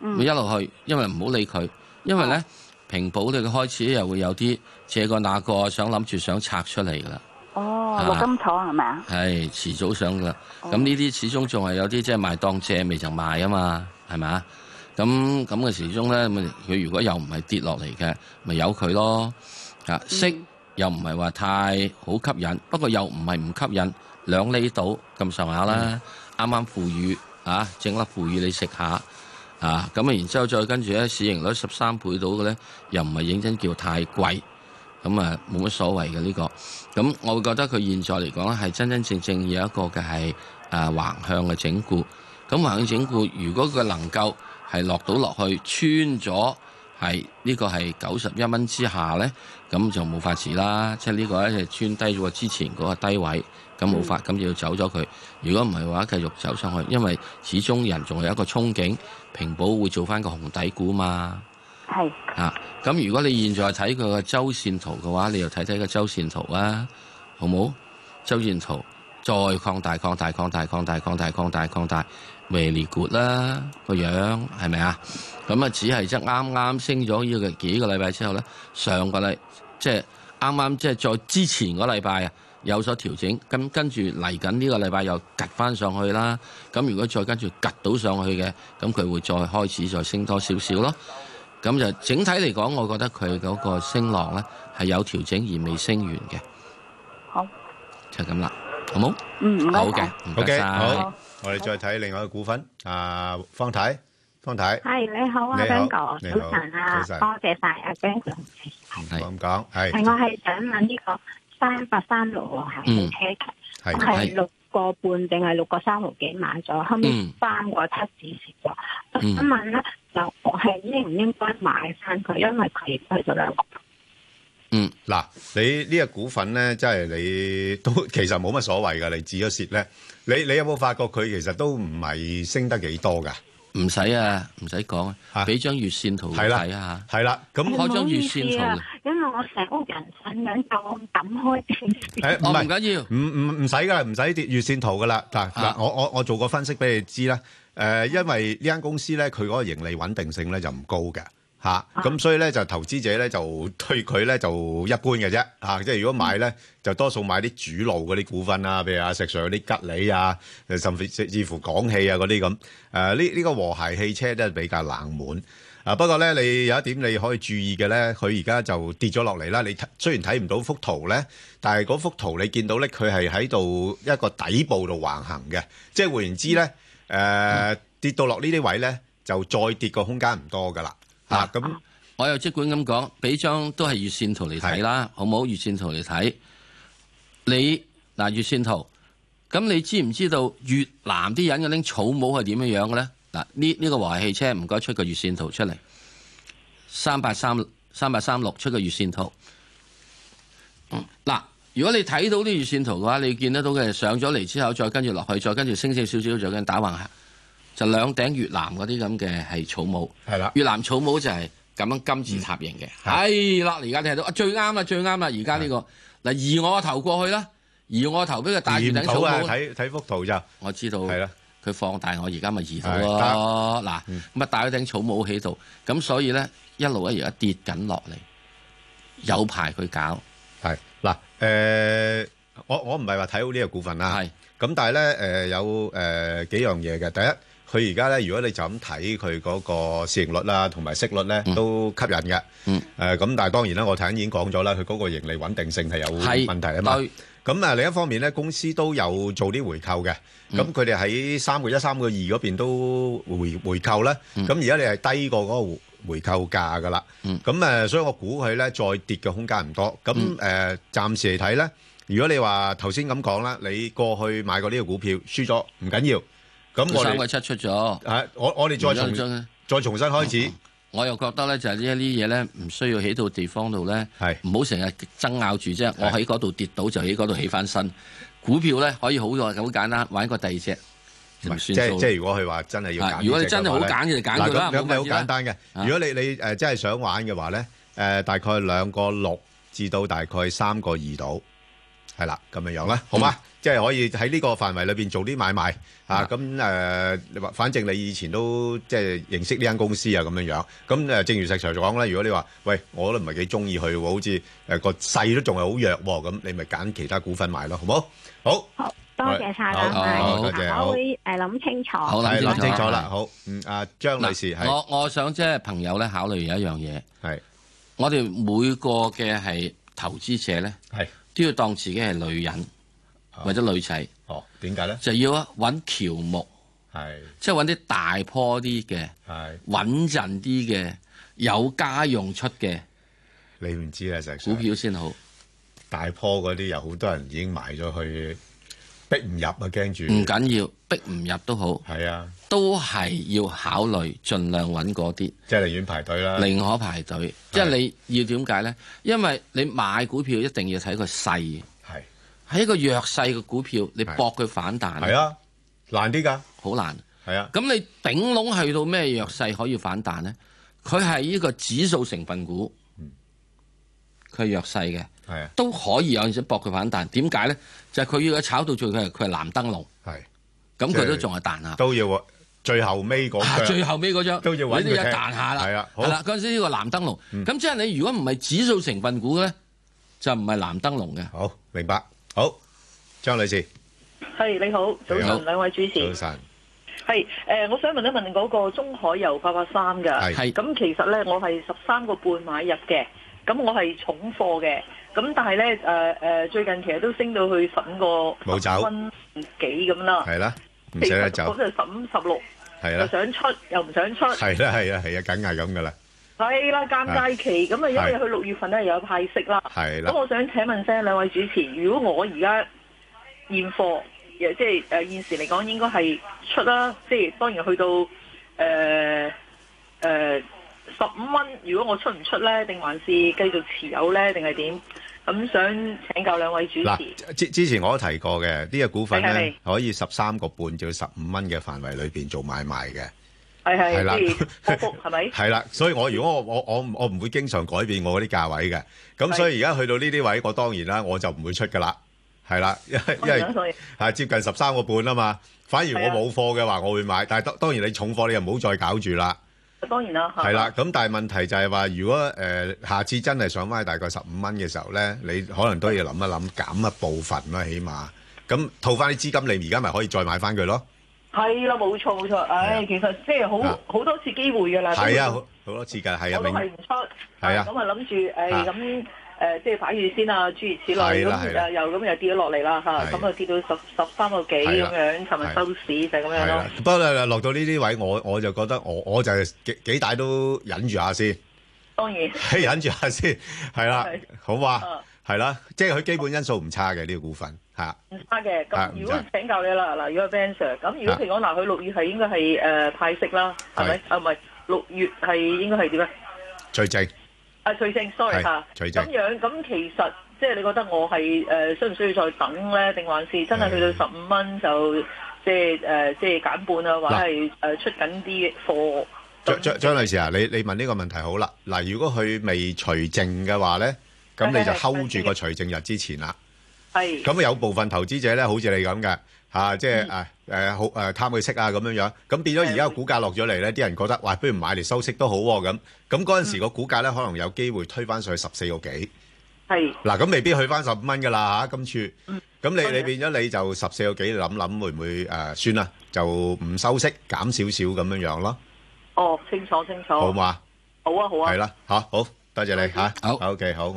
F: 咪、嗯、一路
E: 去，因為唔好理佢。因為咧，平保你佢開始又會有啲借個那個想諗住想拆出嚟啦。哦，金彩
A: 係咪啊？係
E: 遲早上噶，咁呢啲始終仲係有啲即係賣當借未曾賣啊嘛，係咪啊？咁咁嘅始終咧，咪佢如果又唔係跌落嚟嘅，咪由佢咯。啊，息又唔係話太好吸引，嗯、不過又唔係唔吸引，兩厘度咁上下啦，啱啱、嗯、富裕啊，整粒富裕你食下啊，咁啊，然之後再跟住咧，市盈率十三倍到嘅咧，又唔係認真叫太貴。咁啊，冇乜所謂嘅呢個，咁我會覺得佢現在嚟講咧，係真真正正有一個嘅係誒橫向嘅整固。咁橫向整固，如果佢能夠係落到落去穿咗，係呢個係九十一蚊之下呢，咁就冇法子啦。即係呢個咧就穿低咗之前嗰個低位，咁冇法，咁就要走咗佢。如果唔係話，繼續走上去，因為始終人仲有一個憧憬，平保會做翻個紅底股嘛。係啊，咁如果你現在睇佢個周線圖嘅話，你又睇睇個周線圖啊，好冇？周線圖再擴大、擴大、擴大、擴大、擴大、擴大、擴大 very good 啦，個樣係咪啊？咁啊，只係即啱啱升咗呢個幾個禮拜之後咧，上個禮即啱啱即係再之前個禮拜啊有所調整，咁跟住嚟緊呢個禮拜又趌翻上去啦。咁如果再跟住趌到上去嘅，咁佢會再開始再升多少少咯。咁就整體嚟講，我覺得佢嗰個升浪咧係有調整而未升完嘅。好，就咁啦，好冇？嗯，
A: 好
D: 嘅，好嘅，好。我哋再睇另外一個股份，啊，方太，方太，
H: 係你好啊，Ben 哥，早晨啊，多謝晒啊，Ben 哥。係咁講，
D: 係。係我係想問呢
H: 個三八三六喎，係，係六。個半定係六個三
B: 毫幾買
A: 咗，
D: 後面翻過七子蝕咗。我想問咧，就我係應唔應該買翻佢？因為佢係咗兩個。嗯，嗱、嗯，你呢個股份咧，即係你都其實冇乜所謂噶，你止咗蝕咧。你你有冇發覺佢其實都唔係升得幾多噶？唔使啊，唔使講啊，俾、啊、張月線圖睇下，係啦，咁開張
A: 月線圖。唔、啊、因為我成屋人想當抌
D: 開，我唔緊要，唔唔唔使噶，唔使跌月線圖噶啦。嗱、啊、嗱、啊，我我我做個分析俾你知啦。誒、呃，因為呢間公司咧，佢嗰個盈利穩定性咧就唔高嘅。吓，咁所以咧就投資者咧就推佢咧就一般嘅啫，嚇，即係如果買咧就多數買啲主路嗰啲股份啦，譬如阿石尚嗰啲吉利啊，甚至乎港氣啊嗰啲咁。誒，呢呢個和諧汽車都係比較冷門。啊，不過咧你有一點你可以注意嘅咧，佢而家就跌咗落嚟啦。你雖然睇唔到幅圖咧，但係嗰幅圖你見到咧，佢係喺度一個底部度橫行嘅，即係換言之咧，誒跌到落呢啲位咧，就再跌個空間唔多㗎喇。嗱、啊，咁、啊、我又即管咁講，
E: 俾張都係月線圖嚟睇啦，好唔好？月線圖嚟睇，你嗱、啊、月線圖，咁你知唔知道越南啲人嘅拎草帽係點樣樣嘅咧？嗱、啊，呢呢、這個華為汽車唔該出個月線圖出嚟。三百三三百三六出個月線圖。嗱、嗯啊，如果你睇到啲月線圖嘅話，你見得到嘅上咗嚟之後，再跟住落去，再跟住升少少少，再跟住打橫行。就兩頂越南嗰啲咁嘅係草帽，係啦。越南草帽就係咁樣金字塔形嘅、嗯，係啦。而家你睇到最啱啊，最啱啊！而家呢個嗱，移我個頭過去啦，移我個頭俾個大圓頂草帽。睇睇幅圖就我知道，係啦，佢放大我而家咪移到。嗱咁啊，大個頂草帽喺度，咁所以咧一路一而家跌緊落
D: 嚟，有排
E: 佢搞係
D: 嗱。誒、呃，我我唔係話睇好呢個股份啦，係咁，但係咧誒有誒、呃、幾樣嘢嘅第一。佢而家咧，如果你就咁睇佢嗰個市盈率啦，同埋息率咧，都吸引嘅。誒咁，但係當然啦，我頭先已經講咗啦，佢嗰個盈利穩定性係有問題啊嘛。咁啊，另一方面咧，公司都有做啲回購嘅。咁佢哋喺三個一、三個二嗰邊都回回購咧。咁而家你係低過嗰個回購價噶啦。咁誒，所以我估佢咧再跌嘅空間唔多。咁誒，暫時嚟睇咧，如果你話頭先咁講啦，你過去買過呢個股票，輸咗唔緊要。咁三個
E: 七出咗，啊，
D: 我我哋再重再再重新開始。啊、我又覺得咧就係呢一啲嘢咧，唔需要
E: 起到地方度咧，係唔好成日爭拗住啫。我喺嗰度跌倒就喺嗰度起翻身。股票咧可以好好簡單玩一個第二隻，即係如果佢、啊、話真係要揀，如果你真係好揀就揀咁好簡單嘅。如果你
D: 你真係想玩嘅話咧，呃，大概兩個六至到大概三個二度。係啦咁樣樣啦，樣好嘛？嗯即係可以喺呢個範圍裏邊做啲買賣啊！咁誒，反正你以前都即係認識呢間公司啊，咁樣樣。咁誒，正如石 sir 講啦，如果你話喂，我都唔係幾中意佢，好似誒個勢都仲係好弱喎。咁你咪揀其他股份買咯，好唔好？好，
H: 好多謝晒，唔該，好，多謝。我會誒諗清楚，
D: 諗清楚啦，好。嗯，阿張女士，我
E: 我想即係朋友咧，考慮有一樣嘢，係我哋每個嘅係投資者咧，係都要當自己係女人。或者女仔哦，點解咧？就要啊，揾喬木，係即係揾啲大坡啲嘅，係穩陣啲嘅，有家用出嘅。
D: 你唔知啊，就股票先好。大坡嗰啲有好多人已經買咗去，逼唔入啊！驚住唔緊要，逼唔入都好。係啊，都係
E: 要考慮，盡量揾嗰啲，即係寧願排隊啦。寧可排隊，即係、就是、你要點解咧？因為你買股票一定要睇個細。喺一個弱勢嘅股票，你搏佢反彈，係啊，難啲㗎，好難。係啊，咁你頂籠去到咩弱勢可以反彈咧？佢係呢個指數成分股，佢、嗯、弱勢嘅、啊，都可以有陣時搏佢反彈。點解咧？就係、係、佢要炒到最嘅，佢係藍燈籠，係咁佢都仲係彈下都要揾最後尾嗰張，最後尾嗰、啊、都要揾啲一彈下啦。啦、啊，嗰陣、啊、時呢個藍燈籠咁，嗯、噉即係你如果唔係指數成分股咧，就唔係藍燈籠嘅。好，明白。好，
D: 張女士
A: 係，你好，早晨，兩位主持早晨。係，誒，我想問一問嗰個中海油八八三嘅。係係，咁其實咧我係十三個半買入嘅，咁我係重貨嘅，咁但係咧誒誒，最近其實都升到去十五個冇走分幾咁啦，係啦，
D: 唔捨得走，咁就十五十六，係啦，想
A: 出又唔想出，係啦
D: 係啊係啊，梗係咁噶啦。
A: 係啦，尷尬期咁啊，因為佢六月份咧又有派息啦。係啦，咁我想請問聲兩位主持，如果我而家現貨，即係誒現時嚟講應該係出啦，即係當然去到誒誒十五蚊，如果我出唔出咧，定還是繼續持有咧，定係點？咁想請教兩位主持。
D: 之之前我都提過嘅，呢個股份咧可以十三個半至十五蚊嘅範圍裏邊做買賣嘅。
A: 係啦，我股係咪？係啦，所以我如果
D: 我我我我唔會經常改變我嗰啲價位嘅，咁所以而家去到呢啲位，我當然啦，我就唔會出㗎啦，係啦，因為因為係接近十三個半啊嘛，反而我冇貨嘅話，我會買，但係當當然你重貨，你又唔好再搞住啦。
A: 當然啦，係啦，
D: 咁但係問題就係話，如果誒下次真係上翻大概十五蚊嘅時候咧，你可能都要諗一諗減一部分啦，起碼，咁套翻啲資金，你而家咪可以再買翻佢咯。
A: 係啦，冇錯冇錯，唉，其實即係好好多次機會噶啦，係
D: 啊，好多次噶，係啊，我都唔出，係、嗯嗯嗯
A: 嗯嗯、啊，咁啊諗住，唉，咁誒，即係擺住先啊，諸如此類，咁又咁又跌咗落嚟啦，吓，咁啊跌到十十三個幾咁樣，
D: 尋日收市就係咁樣咯。不過落到呢啲位，我我就覺得我我就幾幾大都忍住下先，
A: 當然，
D: 忍住下先，係啦，好嘛，係啦，即係佢基本因素唔差嘅呢個股份。
A: 唔差嘅，咁、啊、如果請教你啦，嗱，如果 Ben Sir 咁如果譬如講嗱，佢六月係應該係誒派息啦，係咪？啊，唔係，六月係應該係點咧？
D: 除、uh, 淨
A: 啊，除淨、啊、淨，sorry 嚇，咁樣咁其實即係你覺得我係誒、呃、需唔需要再等咧？定還是真係去到十五蚊就，是就、呃、即係誒即係減半啊？或者係誒出緊啲貨？
D: 張張女士啊，你你問呢個問題好啦，嗱，如果佢未除淨嘅話咧，咁你就睺住個除淨日之前啦。係咁啊！有部分投資者咧，好似你咁嘅吓，即係誒誒，好誒貪佢息啊，咁樣樣咁變咗而家個股價落咗嚟咧，啲人覺得哇，不如買嚟收息都好咁。咁嗰陣時個股價咧，可能有機會推翻上去十四個幾。係嗱，咁未必去翻十五蚊噶啦吓，今次。嗯。咁你你變咗你就十四個幾諗諗會唔會誒算啊？就唔收息，減少少咁樣樣咯。
A: 哦，清楚清楚。
D: 好嘛？好啊，好啊。係啦，吓好。
E: 多謝你吓！好！OK！好！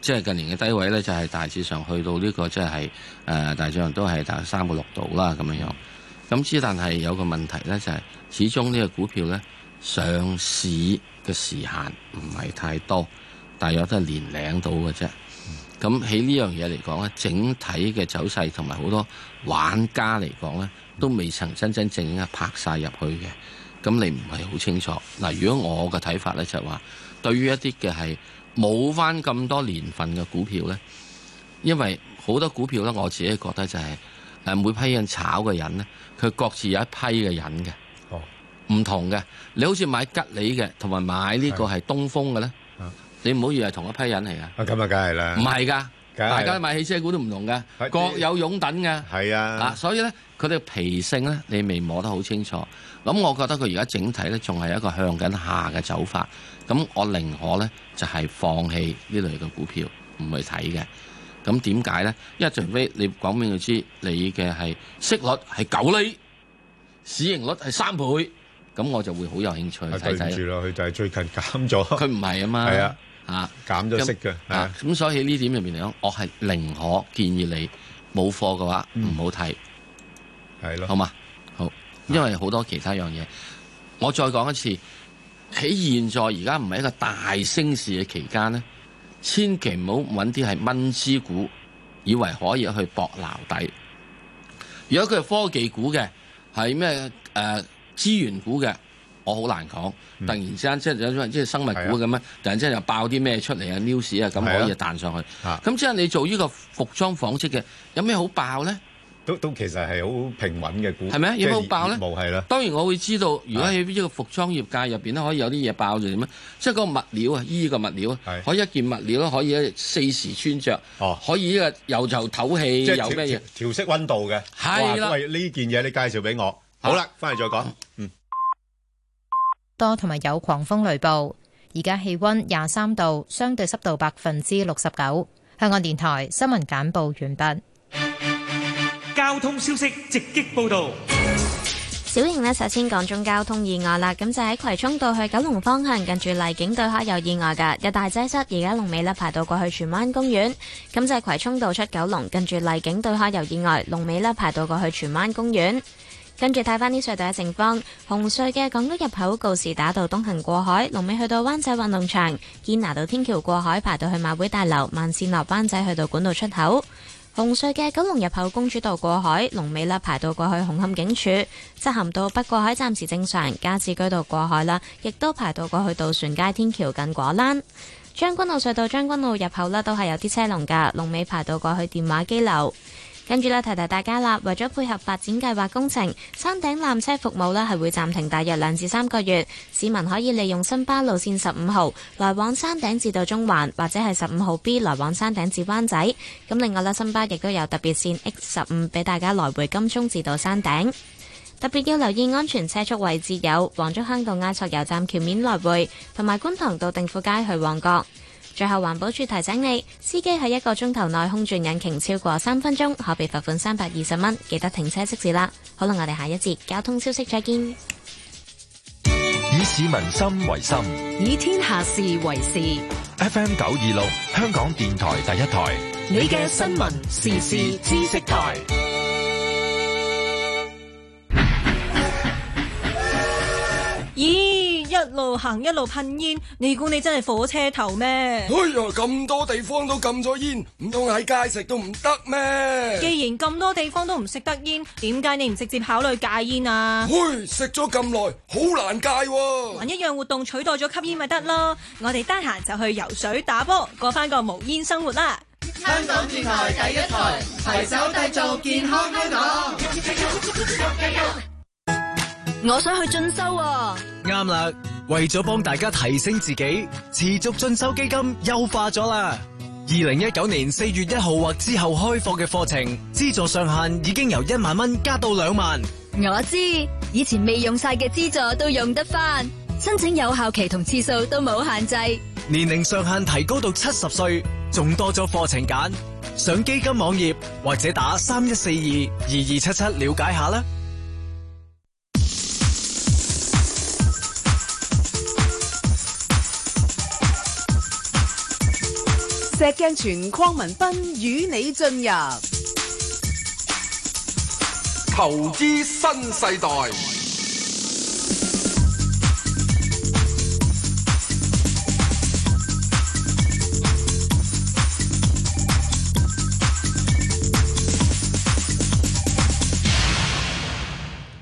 E: 即係近年嘅低位咧，就係大致上去到呢個即係誒，大致上都係大概三個六度啦咁樣樣。咁之但係有個問題咧，就係始終呢個股票咧上市嘅時限唔係太多，大約都係年零到嘅啫。咁喺呢樣嘢嚟講咧，整體嘅走勢同埋好多玩家嚟講咧，都未曾真真正正拍晒入去嘅。咁你唔係好清楚。嗱，如果我嘅睇法咧，就係話對於一啲嘅係。冇翻咁多年份嘅股票咧，因為好多股票咧，我自己覺得就係誒每批人炒嘅人咧，佢各自有一批嘅人嘅，哦，唔同嘅。你好似買吉利嘅，同埋買呢個係東風嘅咧，啊，你唔好以為同一批人嚟啊。咁啊，梗係啦。唔係噶，大家買汽車股都唔同㗎，啊，各有擁躉㗎。係啊，啊，所以咧，佢哋嘅脾性咧，你未摸得好清楚。咁我覺得佢而家整體咧仲係一個向緊下嘅走法，咁我寧可咧就係、是、放棄呢類嘅股票唔去睇嘅。咁點解咧？因為除非你講明佢知你嘅係息率係九厘，市盈率係三倍，咁我就會好有興趣睇睇，住落去就係最近減咗。佢唔係啊嘛。係啊，嚇減咗息嘅。嚇、啊、咁所以呢點入面嚟講，我係寧可建議你冇貨嘅話唔好睇，係、嗯、咯，好嘛？因為好多其他樣嘢，我再講一次，喺現在而家唔係一個大升市嘅期間咧，千祈唔好搵啲係蚊枝股，以為可以去搏撈底。如果佢係科技股嘅，係咩誒資源股嘅，我好難講、嗯。突然之間即係有即係生物股咁樣，突然之間又爆啲咩出嚟啊 news 啊，咁可以彈上去。咁即係你做呢個服裝紡織嘅，有咩好爆咧？都，都其實
D: 係好平穩嘅股，係咪、就是、有冇爆呢？冇，
E: 係啦？當然，我會知道。如果喺呢個服裝業界入邊咧，可以有啲嘢爆住點啊？即係、就是、個物料啊，衣、這、嘅、個、物料啊，可以一件物料可以
D: 四時穿着，可以呢個又就透氣，即有咩嘢調適溫度嘅係啦。呢件嘢你介紹俾我好啦，翻嚟再講、嗯。嗯，
G: 多同埋有狂風雷暴，而家氣溫廿三度，相對濕度百分之六十九。香港電台新聞簡報完畢。交通消息直擊報道，
H: 小瑩呢，首先講中交通意外啦，咁就喺葵涌道去九龍方向，近住麗景對開有意外噶，有大擠塞，而家龍尾咧排到過去荃灣公園，咁就葵涌道出九龍，近住麗景對開有意外，龍尾咧排到過去荃灣公園，跟住睇翻啲隧道嘅情況，紅隧嘅港島入口告士打道東行過海，龍尾去到灣仔運動場，堅拿道天橋過海，排到去馬會大樓，慢線落灣仔去到管道出口。紅隧嘅九龍入口，公主道過海，龍尾呢排到過去紅磡警署，執行到北過海暫時正常。加士居道過海啦，亦都排到過去渡船街天橋近果欄，將軍澳隧道將軍澳入口呢都係有啲車龍噶龍尾排到過去電話機樓。跟住咧，提提大家啦，為咗配合發展計劃工程，山頂纜車服務呢係會暫停大約兩至三個月。市民可以利用新巴路綫十五號來往山頂至到中環，或者係十五號 B 來往山頂至灣仔。咁另外呢，新巴亦都有特別綫 X 十五俾大家來回金鐘至到山頂。特別要留意安全車速位置有黃竹坑道埃索油站橋面來回，同埋觀塘道定富街去旺角。最後環保署提醒你，司機喺一個鐘頭內空轉引擎超過三分鐘，可被罰款三百二十蚊。記得停車熄匙啦。好啦，我哋下一節交通消息再見。
I: 以市民心為心，
H: 以天下事為事。
I: F M 九二六，香港電台第一台，你嘅新聞時事知識台。
H: 咦？ 一路行一路噴煙，你估你真係火車頭咩？
C: 哎呀，咁多地方都禁咗煙，唔通喺街食都唔得咩？
G: 既
H: 然咁多地方都唔食得煙，點解你唔直接考慮戒煙啊？喂、哎，食咗咁耐，好難戒喎、啊。搵一樣活動取代咗吸煙咪得咯？我哋得閒就去游水打波，過翻個無煙生活啦。香港電台第一台，攜手製造健康香港。我想去進修啊！
I: 啱啦！為咗幫大家提升自己，持續進修基金優化咗啦。二零一九年四月一號或之後開課嘅課程資助上限已經由一萬
H: 蚊加到兩萬。我知以前未用晒嘅資助都用得返，申請有效期同次數都冇限制，
I: 年齡上限提高到七十歲，仲多咗課程揀。上基金網頁或者打三一四二二二七七了解下啦。
F: 石
A: 鏡泉鄺民彬與你進入
C: 投資新世代。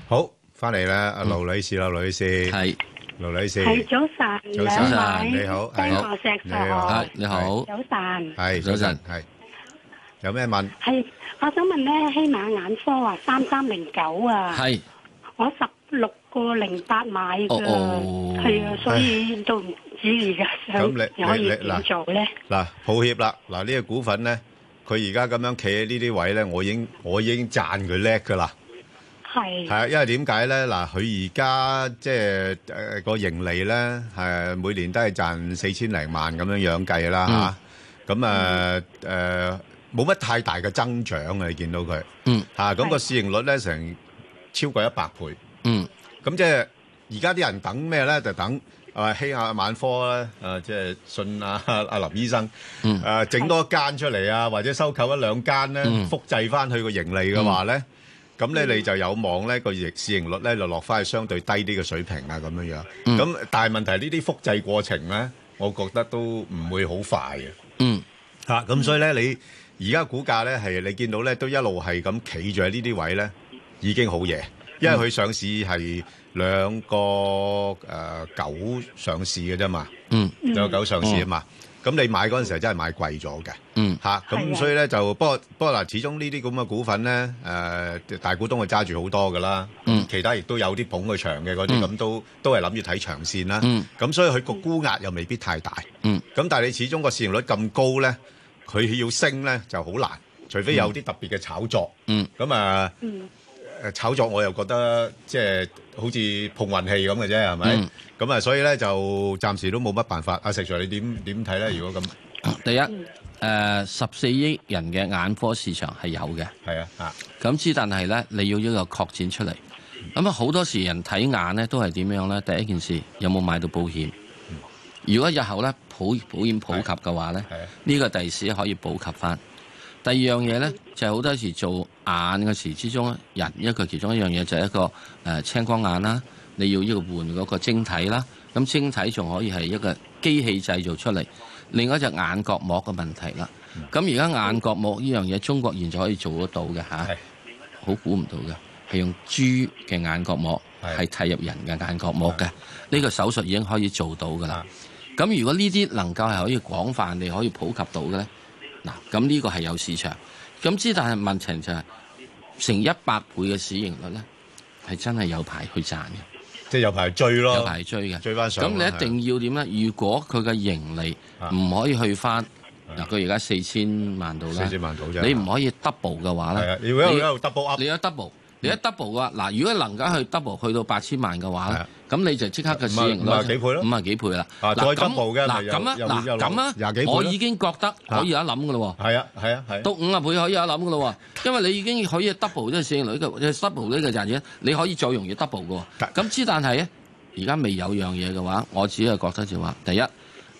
D: 好，翻嚟啦，阿盧女士，盧女士。係。盧女士，
B: 係早晨，早晨，你好，你好，你好，你好，早晨，係早晨，係，有
D: 咩問？係，我想問咧，希瑪眼科啊，三
B: 三零九
D: 啊，係，我
B: 十六個零八買噶，係啊，所以都唔知而家想可以點做咧？嗱，
D: 抱歉啦，嗱呢個股份咧，佢而家咁樣企喺呢啲位咧，我已經我已經賺佢叻噶啦。係，係啊，因為點解咧？嗱，佢而家即係誒個盈利咧，係每年都係賺四千零萬咁樣樣計啦，吓，咁啊誒冇乜太大嘅增長啊，你見到佢，吓，咁個市盈率咧成超過一百倍，嗯，咁即係而家啲人等咩咧？就等啊希瑪眼科咧，啊即係信啊啊林醫生，嗯，啊整多間出嚟啊，或者收購一兩間咧，複製翻佢個盈利嘅話咧。咁咧，你就有望咧個逆市盈率咧就落翻去相對低啲嘅水平啊，咁樣樣。咁但係問題呢啲複製過程咧，我覺得都唔會好快嘅。嗯，嚇咁所以咧，你而家股價咧係你見到咧都一路係咁企住喺呢啲位咧，已經好嘢，因為佢上市係兩個誒九上市嘅啫嘛，嗯，兩個九上市啊嘛。咁你買嗰陣時真係買貴咗嘅，咁、嗯啊、所以咧就不過不過嗱，始終呢啲咁嘅股份咧、呃，大股東係揸住好多㗎啦、嗯，其他亦都有啲捧佢長嘅嗰啲，咁都都係諗住睇長線啦。咁、嗯、所以佢個沽壓又未必太大，咁、嗯嗯、但係你始終個市盈率咁高咧，佢要升咧就好難，除非有啲特別嘅炒作，咁、嗯、啊。誒炒作我又覺得即係好似碰運氣咁嘅啫，係咪？咁、嗯、啊，所以咧就暫時都冇乜辦法。阿、啊、石 Sir，你點點睇咧？如果咁、啊，第一誒十四億人嘅眼科市場係有嘅，係啊，啊咁之，但係咧
E: 你要有一個擴展出嚟。咁、嗯、啊，好、嗯、多時人睇眼咧都係點樣咧？第一件事有冇買到保險？嗯、如果日後咧普保，保險普及嘅話咧，呢、啊啊呢個第時可以普及翻。第二樣嘢咧就係、是、好多時做。眼嘅時之中，人一個其中一樣嘢就係一個誒、呃、青光眼啦。你要要個換嗰個晶體啦，咁晶體仲可以係一個機器製造出嚟。另外就係眼角膜嘅問題啦。咁而家眼角膜呢樣嘢，中國現在可以做得到嘅吓，好估唔到嘅，係用豬嘅眼角膜係替入人嘅眼角膜嘅。呢、呢個手術已經可以做到噶啦。咁如果呢啲能夠係可以廣泛地可以普及到嘅咧，嗱咁呢個係有市場。咁之，但係問題就係、是、成一百倍嘅市盈率咧，係真係有排去賺嘅，即係有排追咯，有排追嘅，追翻上。咁你一定要點咧？如果佢嘅盈利唔可以去翻嗱，佢而家四千萬到啦，四千萬到啫，你唔可以 double 嘅話咧，你要 double 你 up，你要 double。你一 double 嘅嗱，如果能夠去 double 去到八千萬嘅話咧，咁、啊、你就即刻嘅市盈率五啊幾倍啦。啊，再進一步嘅嚟，又又廿幾倍我已經覺得可以有一諗㗎咯喎。係啊，係啊，係、啊啊。到五啊倍可以有一諗㗎咯喎，因為你已經可以 double 即個市盈女嘅，double 呢個賺錢，你可以再容易 double 喎。咁之、啊、但係咧，而家未有樣嘢嘅話，我只係覺得就話、是、第一。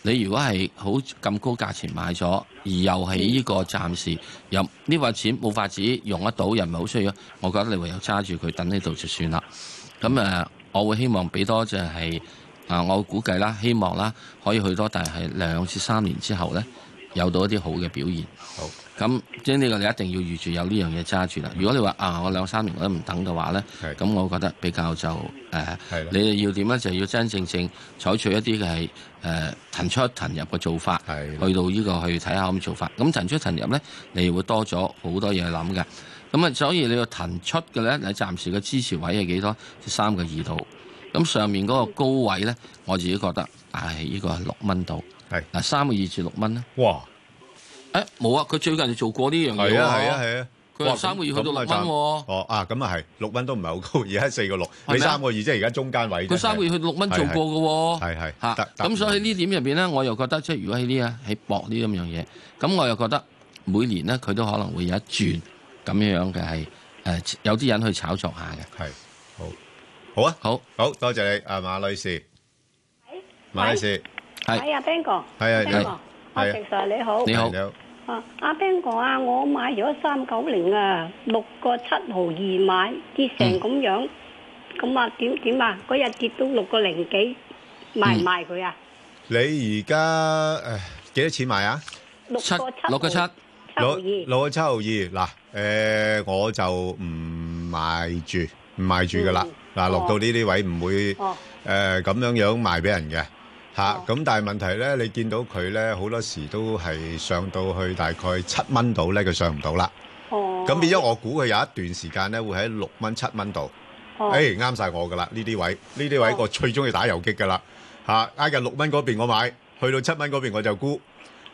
E: 你如果係好咁高價錢買咗，而又係呢個暫時有呢筆錢冇法子用得到，又唔係好需要，我覺得你唯有揸住佢等呢度就算啦。咁誒，我會希望俾多就係、是、啊，我估計啦，希望啦，可以去多，但係兩至三年之後呢，有到一啲好嘅表現。好。咁即係呢個你一定要預住有呢樣嘢揸住啦。如果你話啊，我兩三年我都唔等嘅話咧，咁我覺得比較就誒、呃，你哋要點咧，就要真正正採取一啲嘅係誒騰出騰入嘅做法，去到呢個去睇下咁做法。咁騰出騰入咧，你會多咗好多嘢諗嘅。咁啊，所以你個騰出嘅咧，你暫時嘅支持位係幾多？三個二度。咁上面嗰個高位咧，我自己覺得，唉，這個、呢個係六蚊度。係嗱，三個二至六蚊啦。哇！
D: 冇、欸、啊！佢最近就做過呢樣嘢。啊係啊係啊！佢三、啊啊、個月去到六蚊，喔。哦啊，咁啊係六蚊都唔係好高，6，而家四個六。你三個月即係而家中間位。佢三個月去六蚊做過
C: 噶，喔。
E: 係係。吓，咁、嗯、所以呢點入邊咧，我又覺得即係如果喺呢啊喺薄啲咁樣嘢，咁我又覺得每年咧佢都可能會有一轉咁樣嘅係誒，有啲人
D: 去炒作下嘅。係好，好啊，好好，好多謝你啊，馬女士。馬女士。係啊
B: ，Ben 哥。係啊係。係，陳 Sir 你好。你好。你好好啊！阿 Ben 哥啊，我買咗三九零啊，六個七毫二買，跌成咁樣，咁啊點點啊？嗰日跌到六個零幾，賣唔賣佢啊？
D: 你而家誒幾多錢賣啊？
B: 六個七，
F: 六個七，七毫二，
D: 六個七毫二嗱，誒我就唔賣住，唔賣住噶啦，嗱落到呢啲位唔會誒咁樣樣賣俾人嘅。嚇！咁但係問題咧，你見到佢咧好多時都係上到去大概七蚊度咧，佢上唔到啦。哦。
F: 咁變
D: 咗我估佢有一段時間咧，會喺六蚊七蚊度。哦。誒，啱曬我㗎啦！呢啲位，呢啲位我最中意打遊擊㗎啦。嚇！挨近六蚊嗰邊我買，去到七蚊嗰邊我就沽。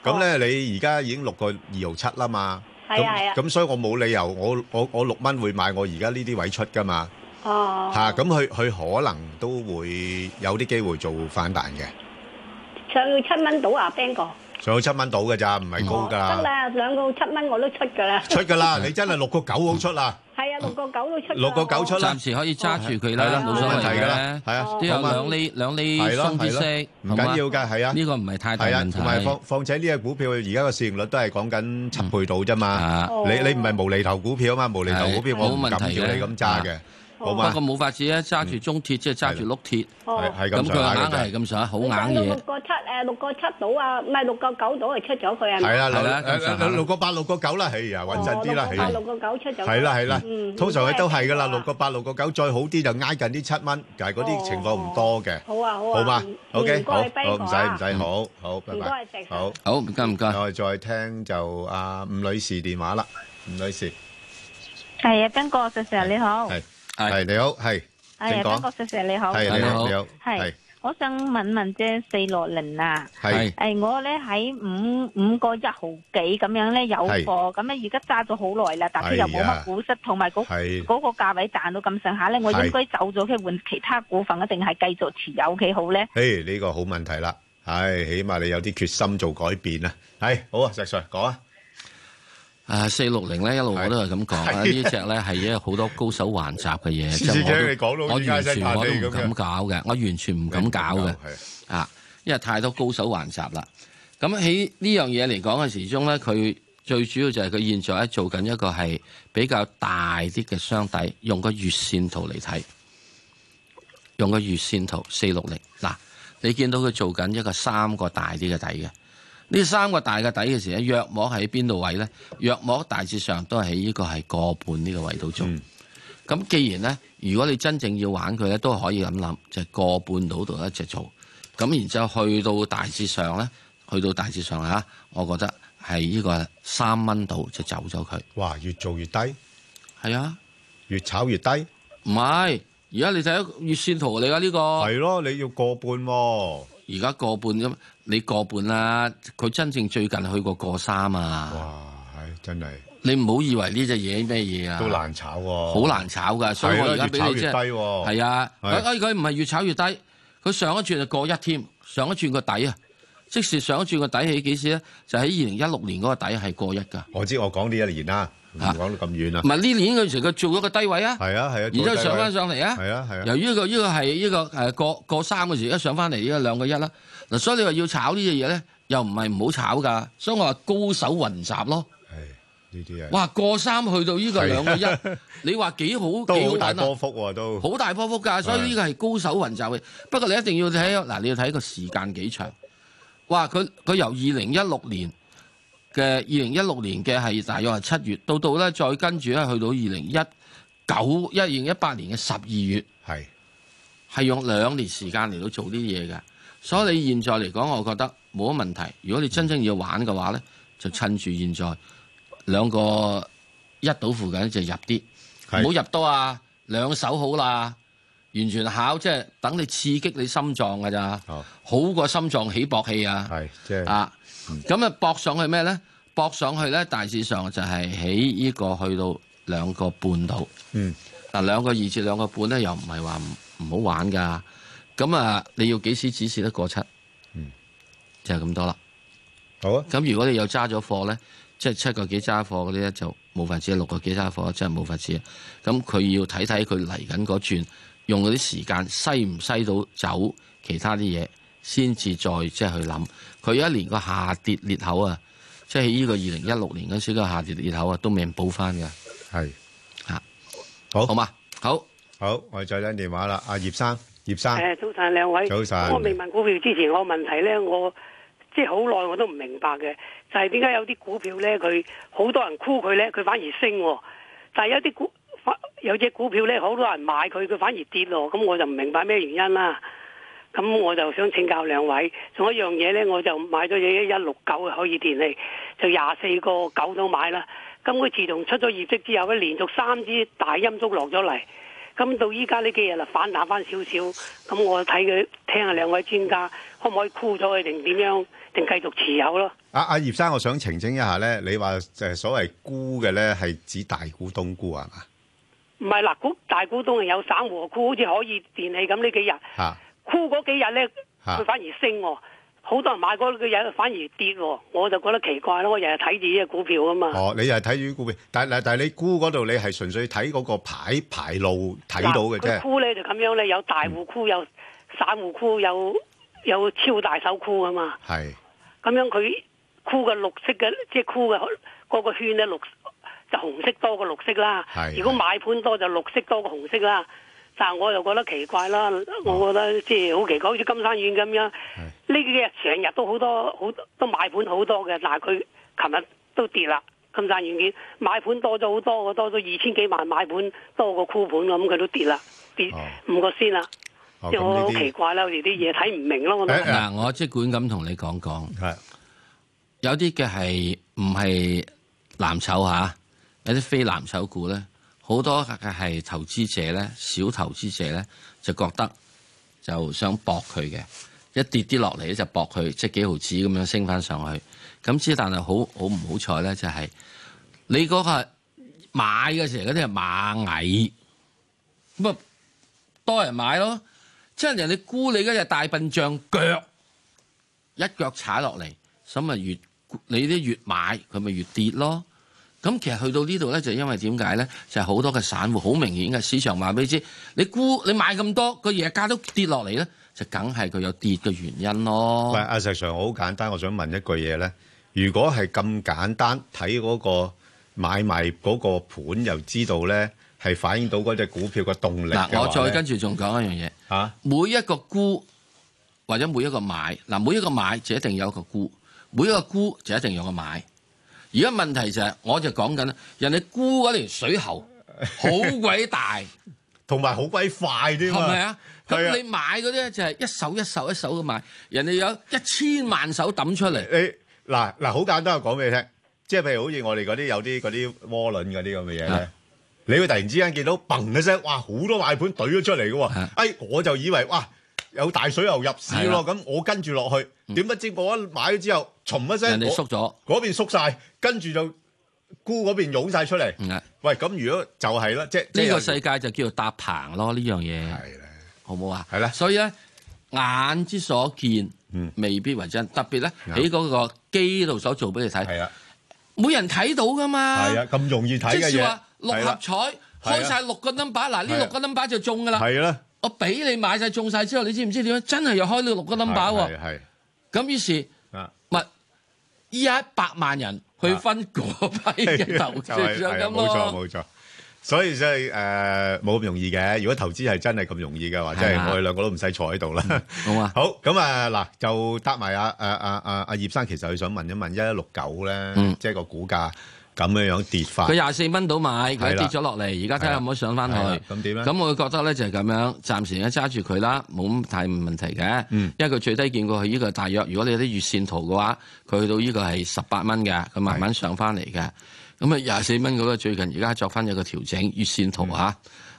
D: 咁咧，你而家已經六個二號七啦嘛？係啊係啊。咁所以我冇理由，我我我六蚊會買我而家呢啲位出㗎嘛？哦。嚇！咁佢佢可能都會有啲機會做反彈嘅。上去七蚊到啊，Ben 哥。上去七蚊到嘅咋，唔係高噶。得啦，
B: 兩個七蚊我都出噶啦。出噶
D: 啦，你真係六個九都出啦。係啊，六個九都出。
B: 六個九出啦。暫時
D: 可以揸住佢啦，冇所謂嘅。係啊，都有兩釐兩釐鬆啲息，唔緊要噶，係啊。呢個唔係太大問題。係啊，同埋況況且呢個股票，而家個市盈率都係講緊七倍到啫嘛。啊，你你唔係無厘頭股票啊嘛，無厘頭股票我敢叫你咁揸嘅。
B: 不
E: 過冇法子啊！揸住中鐵即係揸住碌鐵，係咁，佢硬係
D: 咁上，好硬嘢。等到六個
B: 七誒，六個七到啊，唔係六個九到啊，出咗佢啊。
D: 係啦，係啦，六個八、六個九啦，哎呀，穩陣啲啦，係六個
F: 九出咗。係啦，係啦，通常佢都係㗎啦，
D: 六個八、六個九，再好啲就挨近啲七蚊，但係嗰啲情況唔多嘅。
F: 好啊，好
H: 啊，好嘛，OK，好，好唔使唔使，
D: 好好，拜拜，好，好唔該唔該。我哋再聽就阿吳女士電話啦，吳女士，
H: 係啊，彬哥，你好。
D: 係你好，係。係啊，不過石石你好，你好，你好，係。
H: 我想問問啫，四六零啊，係。誒，我咧喺五五個一毫幾咁樣咧，有貨咁咧，而家揸咗好耐啦，但係佢又冇乜股息，同埋嗰嗰個價位賺到咁上下咧，我應該走咗去換其他股份，定係繼續持有幾好咧？
D: 誒，呢個好問題啦，係，起碼你有啲決心做改變啦，係。好啊，石 sir 講啊。誒、啊，四六零咧，一路我都係咁講，隻呢隻咧係因為好多高
E: 手還集嘅嘢，即係我完全我都唔敢搞嘅，我完全唔敢搞嘅，啊，因為太多高手還集啦。咁喺呢樣嘢嚟講嘅時中咧，佢最主要就係佢現在，在做緊一個係比較大啲嘅箱底，用個月線圖嚟睇，用個月線圖四六零嗱，你見到佢做緊一個三個大啲嘅底嘅。呢三個大嘅底嘅時，喺約莫喺邊度位咧？約莫大致上都係喺呢個係個半呢個位度做、嗯。咁既然咧，如果你真正要玩佢咧，都可以咁諗，就係、是、個半度度一直做。咁然之後去到大致上咧，去到大致上嚇，我覺得係呢個三蚊度就走咗佢。哇！越做越低，係啊，越炒越低。唔係，而家你睇下、這個、月線圖嚟㗎呢個係咯，你要個半喎、哦。而家過半咁，你過半啦，佢真正最近去過過三啊！哇，唉，真係你唔好以為呢隻嘢咩嘢啊！都難炒喎、啊，好難炒噶，所以我而家俾你即係，係啊，佢佢唔係越炒越低，佢上一轉就過一添，上一轉個底啊！即使上一轉個底起幾時咧，就喺二零一六年嗰個底係過一㗎。我知我講呢一年啦。吓，講到咁遠啊！唔係呢年嗰時佢做咗個低位啊，係啊係啊，啊然之後上翻上嚟啊，係啊係啊。由於呢依個係呢、這個誒、這個呃、過過三嗰時，一上翻嚟呢個兩個一啦。嗱，所以你話要炒呢隻嘢咧，又唔係唔好炒噶。所以我話高手雲集咯。嘩、哎，呢啲哇，過三去到呢個兩個一，啊、你話幾好？幾 好、啊、大波幅啊，都好大波幅㗎、啊。所以呢個係高手雲集嘅、啊。不過你一定要睇嗱，你要睇個時間幾長。哇！佢佢由二零一六年。嘅二零一六年嘅係大約係七月，到到咧再跟住咧去到二零一九、二零一八年嘅十二月，係係用兩年時間嚟到做啲嘢嘅。所以你現在嚟講，我覺得冇乜問題。如果你真正要玩嘅話咧，就趁住現在兩個一到附近就入啲，唔好入多啊，兩手好啦，完全考即係等你刺激你心臟㗎咋，好過心臟起搏器、就是、啊，係即係啊。咁、嗯、啊，駁上去咩咧？駁上去咧，大致上就係喺呢個去到兩個半度。嗯，嗱，兩個二至兩個半咧，又唔係話唔好玩噶。咁啊，你要幾時指示得過七？嗯，就係咁多啦。好啊。咁如果你又有揸咗貨咧，即係七個幾揸貨嗰啲咧，就冇法子。六個幾揸貨真係冇法子。咁佢要睇睇佢嚟緊嗰轉，用嗰啲時間篩唔篩到走其他啲嘢，先至再即係去諗。佢一年個下跌裂口啊，即係呢個二零一六年嗰時個下跌裂口啊，都未補翻嘅。係，嚇，好好嘛，
D: 好好，我哋再聽電話啦，阿葉生，葉生。誒，
B: 早晨兩位，早晨。我未問股票之前，我問題咧，我即係好耐我都唔明白嘅，就係點解有啲股票咧，佢好多人箍佢咧，佢反而升喎，但係有啲股有隻股票咧，好多人買佢，佢反而跌咯，咁我就唔明白咩原因啦。咁我就想請教兩位，仲有一樣嘢呢，我就買咗嘢一一六九可以電器，就廿四個九都買啦。咁佢自動出咗業績之後咧，連續三支大陰燭落咗嚟，咁到依家呢幾日啦，反彈翻少少，咁我睇佢聽下兩位專家可唔可以箍咗佢，定點樣，定繼續持有咯？
D: 阿、啊、阿、啊、葉生，我想澄清一下呢，你話就係所謂沽嘅呢，係指大股東沽啊？唔
B: 係，嗱，股大股東係有散戶沽，好似可以電器咁呢幾日。啊沽嗰幾日咧，佢反而升，好、啊、多人買嗰個嘢，反而跌，我就覺得奇怪咯。我日日睇住呢啲股票㗎嘛。哦，你
D: 又係睇住股票，但嗱，但係你沽嗰度，你係純粹睇嗰個牌牌路睇到嘅啫。沽
B: 咧就咁樣咧，有大戶沽，有散戶沽，有有超大手沽啊嘛。係。咁樣佢沽嘅綠色嘅，即係沽嘅嗰個圈咧，綠就紅色多過綠色啦。是是。如果買盤多就綠色多過紅色啦。但係我又覺得奇怪啦，我覺得即係好奇怪，好、哦、似金山軟件咁樣，呢幾日成日都好多好都買盤好多嘅，但係佢琴日都跌啦。金山軟件買盤多咗好多嘅，多咗二千幾萬買盤多個盤多過箍盤咁，佢都跌啦，跌五個先啦。即係我好奇怪啦、哦，我哋啲嘢睇唔明
F: 咯。我嗱，
E: 我即管咁同你講講，有啲嘅係唔係藍籌嚇、啊，有啲非藍籌股咧。好多係投資者咧，小投資者咧就覺得就想搏佢嘅，一跌跌落嚟咧就搏佢，即係幾毫子咁樣升翻上去。咁之但係好好唔好彩咧，就係、是、你嗰個買嘅時候嗰啲係螞蟻，咁啊多人買咯，即係人哋估你嗰隻大笨象腳一腳踩落嚟，咁咪越你啲越買，佢咪越跌咯。咁其實去到呢度咧，就因為點解咧？就係、是、好多嘅散戶好明顯嘅市場話俾你知，你沽你買咁多個嘢價都跌落嚟咧，就梗係佢有跌
D: 嘅原因咯。唔係啊，石 Sir 好簡單，我想問一句嘢咧。如果係咁簡單睇嗰、那個買賣嗰個盤，又知道咧係反映到嗰隻股票嘅動力的。嗱、啊，我再跟
E: 住仲講一樣嘢嚇。每一個沽，或者每一個買嗱，每一個買就一定有一個沽，每一個沽就一定有一個買。而家問題就係，我就講緊人哋沽嗰條水喉好鬼大，同埋好鬼快啲嘛。係咪啊？咁你買嗰啲就係一手一手一手咁
D: 買，人哋有一千萬手抌出嚟。你嗱嗱好簡單，我講俾你聽，即係譬如好似我哋嗰啲有啲嗰啲窩輪嗰啲咁嘅嘢咧，你會突然之間見到砰一聲，哇好多買盤懟咗出嚟嘅喎。哎，我就以為哇～有大水牛入市咯，咁我跟住落去，點不知我一買咗之後，重一聲，人哋縮咗，嗰邊縮曬，跟住就沽嗰邊湧曬出嚟。喂，咁如果就係啦，即係呢個世界
E: 就叫做搭棚咯，呢樣嘢，好唔好啊？係啦，所以咧，眼之所見，嗯，未必為真，特別咧喺嗰個機度所做俾你睇，係啦，每人睇到噶嘛，係
D: 啊，咁容易睇嘅嘢，即係話六合彩開曬
E: 六個 number，嗱呢六個 number 就中噶啦，係啦。我俾你買曬中曬之後，你知唔知點樣？真係又開到六個 number 喎！係係，咁於是，物依一百萬人去分嗰批嘅投資者咁喎。冇錯冇
D: 錯，所以所以誒冇咁容易嘅。如果投資係真係咁容易嘅話，即係我哋兩個都唔使坐喺度啦。好啊，好。咁啊嗱，就答埋阿阿阿阿葉生，其實佢想問一問一一六九咧，即係個股價。咁樣跌翻，佢廿四蚊到買，佢跌咗落嚟，而家睇下唔好上翻去？咁點樣，
E: 咁我覺得咧就係咁樣，暫時而家揸住佢啦，冇咁大問題嘅、嗯。因為佢最低見過佢呢個大約，如果你有啲月線圖嘅話，佢去到呢個係十八蚊嘅，佢慢慢上翻嚟嘅。咁啊廿四蚊嗰個最近而家作翻一個調整，月線圖吓，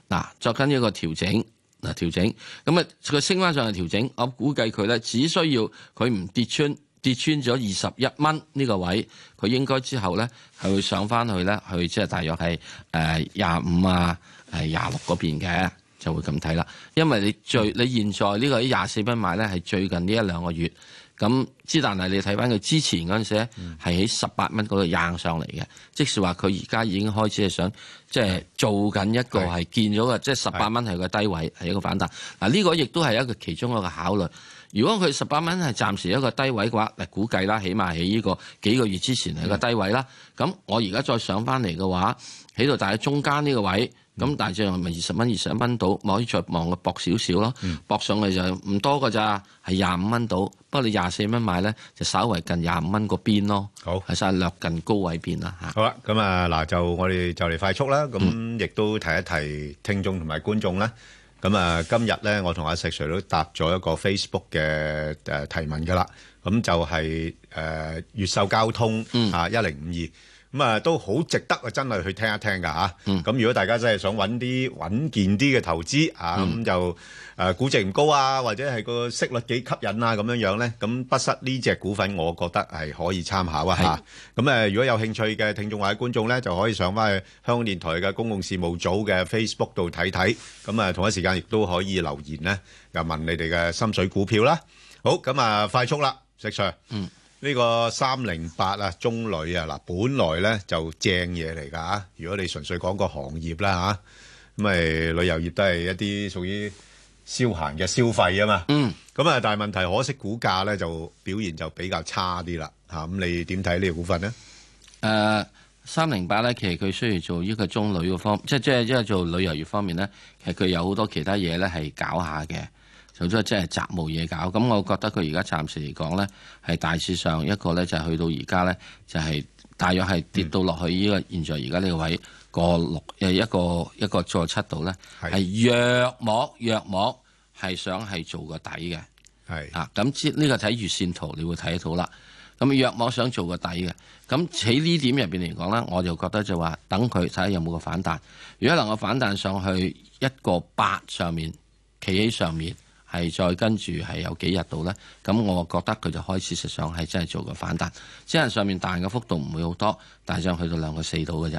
E: 嗱、嗯、作緊一個調整嗱調整，咁啊佢升翻上去調整，我估計佢咧只需要佢唔跌穿。跌穿咗二十一蚊呢個位，佢應該之後咧係會上翻去咧，去即係大約係誒廿五啊，誒廿六嗰邊嘅就會咁睇啦。因為你最你現在這個24買呢個喺廿四蚊買咧，係最近呢一兩個月咁。之但係你睇翻佢之前嗰陣時咧，係喺十八蚊嗰度硬上嚟嘅，即使話佢而家已經開始係想即係、就是、做緊一個係見咗嘅，即係十八蚊係個低位係一個反彈。嗱、啊、呢、這個亦都係一個其中一個考慮。如果佢十八蚊係暫時一個低位嘅話，嗱估計啦，起碼喺呢、這個幾個月之前係個低位啦。咁、嗯、我而家再上翻嚟嘅話，起到大約中間呢個位，咁、嗯、大隻我咪二十蚊、二十一蚊到，我可以再望個搏少少咯，搏、嗯、上去就唔多㗎咋，係廿五蚊到。不過你廿四蚊買咧，就稍為近廿五蚊個邊咯。好，係晒略近高
D: 位邊啦嚇。好啦，咁啊嗱，就我哋就嚟快速啦，咁亦都提一提聽眾同埋觀眾啦。嗯咁啊，今日咧，我同阿石 Sir 都答咗一個 Facebook 嘅誒提問㗎啦。咁就係誒越秀交通啊，一零五二。咁啊，都好值得啊，真係去聽一聽㗎吓。咁、嗯、如果大家真係想揾啲穩健啲嘅投資啊，咁、嗯、就。誒，估值唔高啊，或者係個息率幾吸引啊，咁樣樣咧，咁不失呢隻股份，我覺得係可以參考啊。吓，咁誒，如果有興趣嘅聽眾或者觀眾咧，就可以上翻去香港電台嘅公共事務組嘅 Facebook 度睇睇。咁啊，同一時間亦都可以留言咧，又問你哋嘅心水股票啦。好，咁啊，快速啦，石 Sir，嗯，呢個三零八啊，中旅啊，嗱，本來咧就正嘢嚟噶。如果你純粹講個行業啦，吓，咁誒，旅遊業都係一啲屬於。消閒嘅消費啊嘛，咁、嗯、啊，但係問題可惜股價咧就表現就比較差啲啦，嚇，咁你點睇呢個股份呢？
E: 誒、呃，三零八咧，其實佢雖然做依個中旅個方，即係即係即係做旅遊業方面咧，其實佢有好多其他嘢咧係搞下嘅，就即係即係雜務嘢搞。咁我覺得佢而家暫時嚟講咧，係大致上一個咧就係去到而家咧，就係大約係跌到落去依個現在而家呢個位。嗯個六誒一個一個再七度呢，係弱膜。弱膜係想係做個底嘅。係啊，咁呢個睇月線圖，你會睇到啦。咁弱膜想做個底嘅，咁喺呢點入邊嚟講咧，我就覺得就話等佢睇下有冇個反彈。如果能夠反彈上去一個八上面，企喺上面，係再跟住係有幾日度呢。咁我覺得佢就開始實上係真係做個反彈。即係上面彈嘅幅度唔會好多，但係上去到兩個四度嘅啫。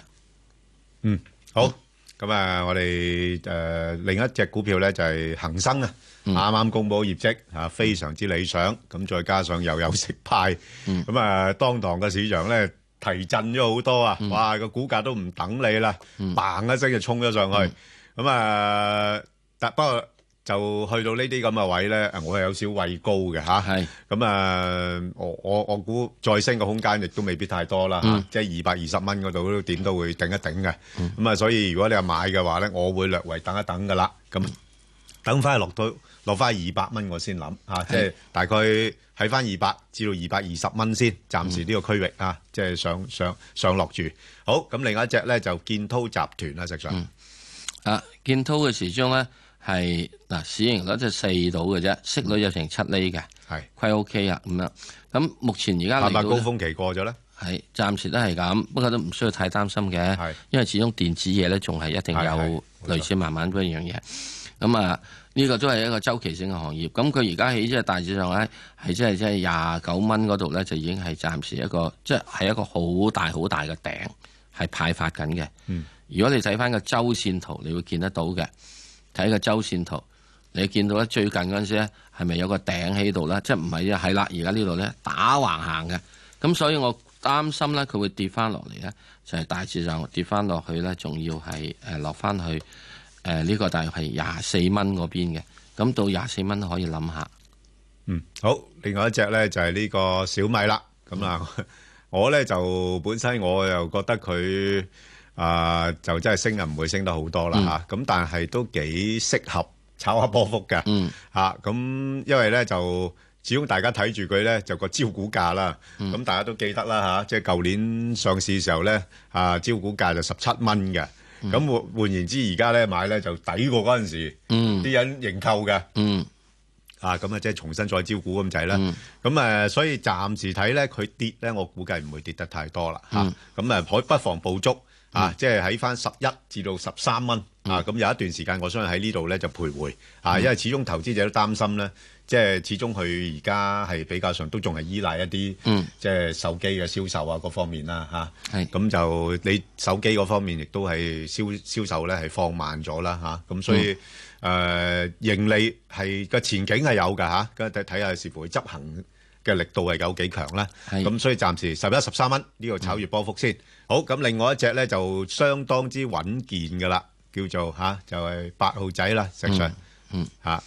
D: 嗯，好，咁啊，我哋誒另一隻股票咧就係恒生啊，啱啱公布業績吓，非常之理想，咁再加上又有息派，咁啊當堂嘅市場咧提振咗好多啊，哇個股價都唔等你啦，嘭一聲就衝咗上去，咁啊，但不過。就去到呢啲咁嘅位呢，我係有少畏高嘅吓。咁啊，我我我估再升嘅空間亦都未必太多啦，即係二百二十蚊嗰度，點、嗯啊就是、都，都會頂一頂嘅。咁、嗯、啊，所以如果你係買嘅話呢，我會略為等一等㗎啦。咁等翻落到落翻二百蚊，我先諗即係大概喺翻二百至到二百二十蚊先，暫時呢個區域、嗯、啊，即、就、係、是、上上上落住。好，咁另一隻呢，就建滔集團啦，石上啊，建
E: 滔嘅時鐘呢。係嗱，市盈率即係四到嘅啫，息率有成七厘嘅，係虧 OK 啊，咁樣咁目前而家派發高峰
D: 期過咗咧，
E: 係暫時都係咁，不過都唔需要太擔心嘅，係因為始終電子嘢咧，仲係一定有類似慢慢嗰樣嘢。咁啊，呢、呢個都係一個周期性嘅行業。咁佢而家起即係大致上咧，係即係即係廿九蚊嗰度咧，就已經係暫時一個即係係一個好大好大嘅頂，係派發緊嘅、
F: 嗯。
E: 如果你睇翻個周線圖，你會見得到嘅。睇個周線圖，你見到咧，最近嗰陣時咧，係咪有個頂喺度咧？即係唔係一係啦？而家呢度咧打橫行嘅，咁所以我擔心咧，佢會跌翻落嚟咧，就係、是、大致上跌翻、呃、落去咧，仲要係誒落翻去誒
D: 呢個就係廿四蚊嗰邊嘅。咁到廿四蚊可以諗下。嗯，好，另外一隻咧就係、是、呢個小米啦。咁啊，我咧就本身我又覺得佢。啊，就真係升啊，唔會升得好多啦嚇。咁但係都幾適合炒下波幅嘅。嗯。嚇，咁因為咧就，始終大家睇住佢咧，就個招股價啦。嗯。咁大家都記得啦嚇，即係舊年上市時候咧，啊招股價就十七蚊嘅。嗯。咁換換言之，而家咧買咧就抵過嗰陣時。嗯。啲人認購嘅。嗯。啊，咁啊即係重新再招股咁滯啦。嗯。咁誒，所以暫時睇咧，佢跌咧，我估計唔會跌得太多啦嚇。嗯。咁誒，可不妨捕捉。啊，即係喺翻十一至到十三蚊啊，咁有一段時間，我相信喺呢度咧就徘徊啊，因為始終投資者都擔心咧、嗯，即係始終佢而家係比較上都仲係依賴一啲、嗯，即係手機嘅銷售啊，各方面啦嚇。係、啊。咁就你手機嗰方面亦都係銷銷售咧係放慢咗啦嚇，咁、啊、所以誒、哦呃、盈利係個前景係有㗎嚇，跟住睇睇下是否執行嘅力度係有幾強啦。係。咁所以暫時十一十三蚊呢個炒熱波幅先。好咁，另外一隻咧就相當之穩健噶啦，叫做吓就係八號仔啦，實際上，嗯吓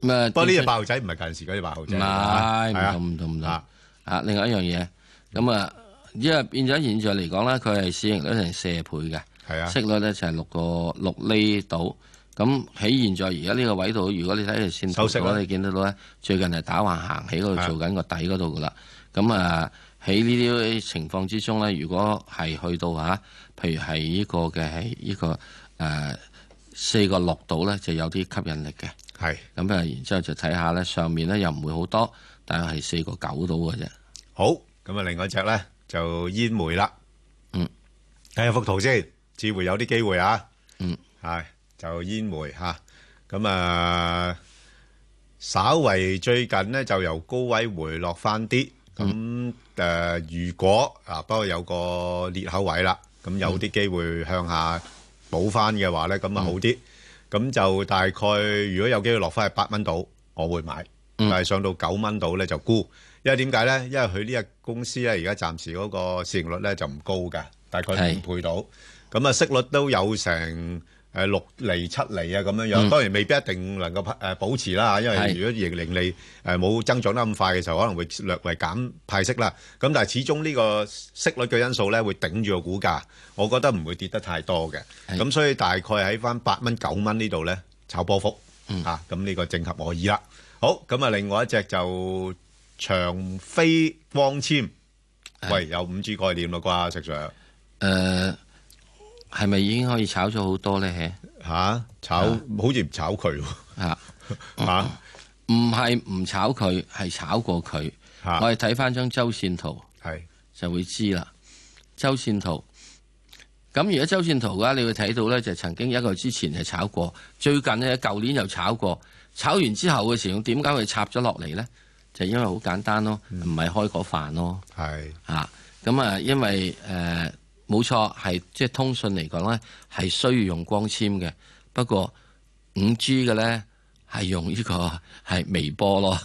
D: 咁啊。不過呢隻八號仔唔係近時嗰隻八號仔，唔係唔同
E: 唔同唔同啊。另外一樣嘢咁啊，因為變咗現在嚟講咧，佢係市盈率成四倍嘅，係、嗯、啊，息率咧就係六個六厘度。咁喺現在而家呢個位度，如果你睇條線收息，我哋見得到咧，最近係打橫行起嗰度、嗯、做緊個底嗰度噶啦。咁啊。喺呢啲情況之中咧，如果係去到嚇，譬如係呢個嘅係呢個誒呃四個六度咧，就有啲吸引力嘅。係咁啊，然之後就睇下咧，上面咧又唔會好多，但係四個九度嘅啫。
D: 好，咁啊，另外一隻咧就煙煤啦。
F: 嗯，
D: 睇下幅圖先，似乎有啲機會啊。嗯，係就煙煤吓，咁啊，稍微最近咧就由高位回落翻啲。咁、嗯、誒、呃，如果啊不過有個裂口位啦，咁有啲機會向下補翻嘅話咧，咁、嗯、啊好啲。咁就大概如果有機會落翻係八蚊到，我會買。但、嗯、係、就是、上到九蚊到咧就沽。因為點解咧？因為佢呢個公司咧而家暫時嗰個市盈率咧就唔高㗎，大概五倍到。咁啊息率都有成，誒，六厘七厘啊，咁樣樣，當然未必一定能夠誒保持啦吓，因為如果盈利誒冇增長得咁快嘅時候，可能會略為減派息啦。咁但係始終呢個息率嘅因素咧，會頂住個股價，我覺得唔會跌得太多嘅。咁所以大概喺翻八蚊九蚊呢度咧，炒波幅啊，咁呢個正合我意啦。好，咁啊，另外一隻就長飛光纖，喂，有五 G 概念啦啩，石 Sir。誒。
E: 係咪已經可以炒咗好多呢？吓、啊、炒、啊、好似唔炒佢喎，啊啊。吓、啊，唔係唔炒佢，係炒過佢，啊。我哋睇翻張周線圖，係就會知啦。周線圖，咁，如果周線圖嘅話，你會睇到呢，就曾經一個月之前係炒過，最近呢，舊年又炒過。炒完之後嘅時候，點解會插咗落嚟呢？就因為好簡單咯，唔、嗯、係開嗰飯咯。係吓咁啊，因為誒。呃冇錯，係即係通訊嚟講咧，係需要用光纖嘅。不過五 G 嘅咧係用呢個係微波咯，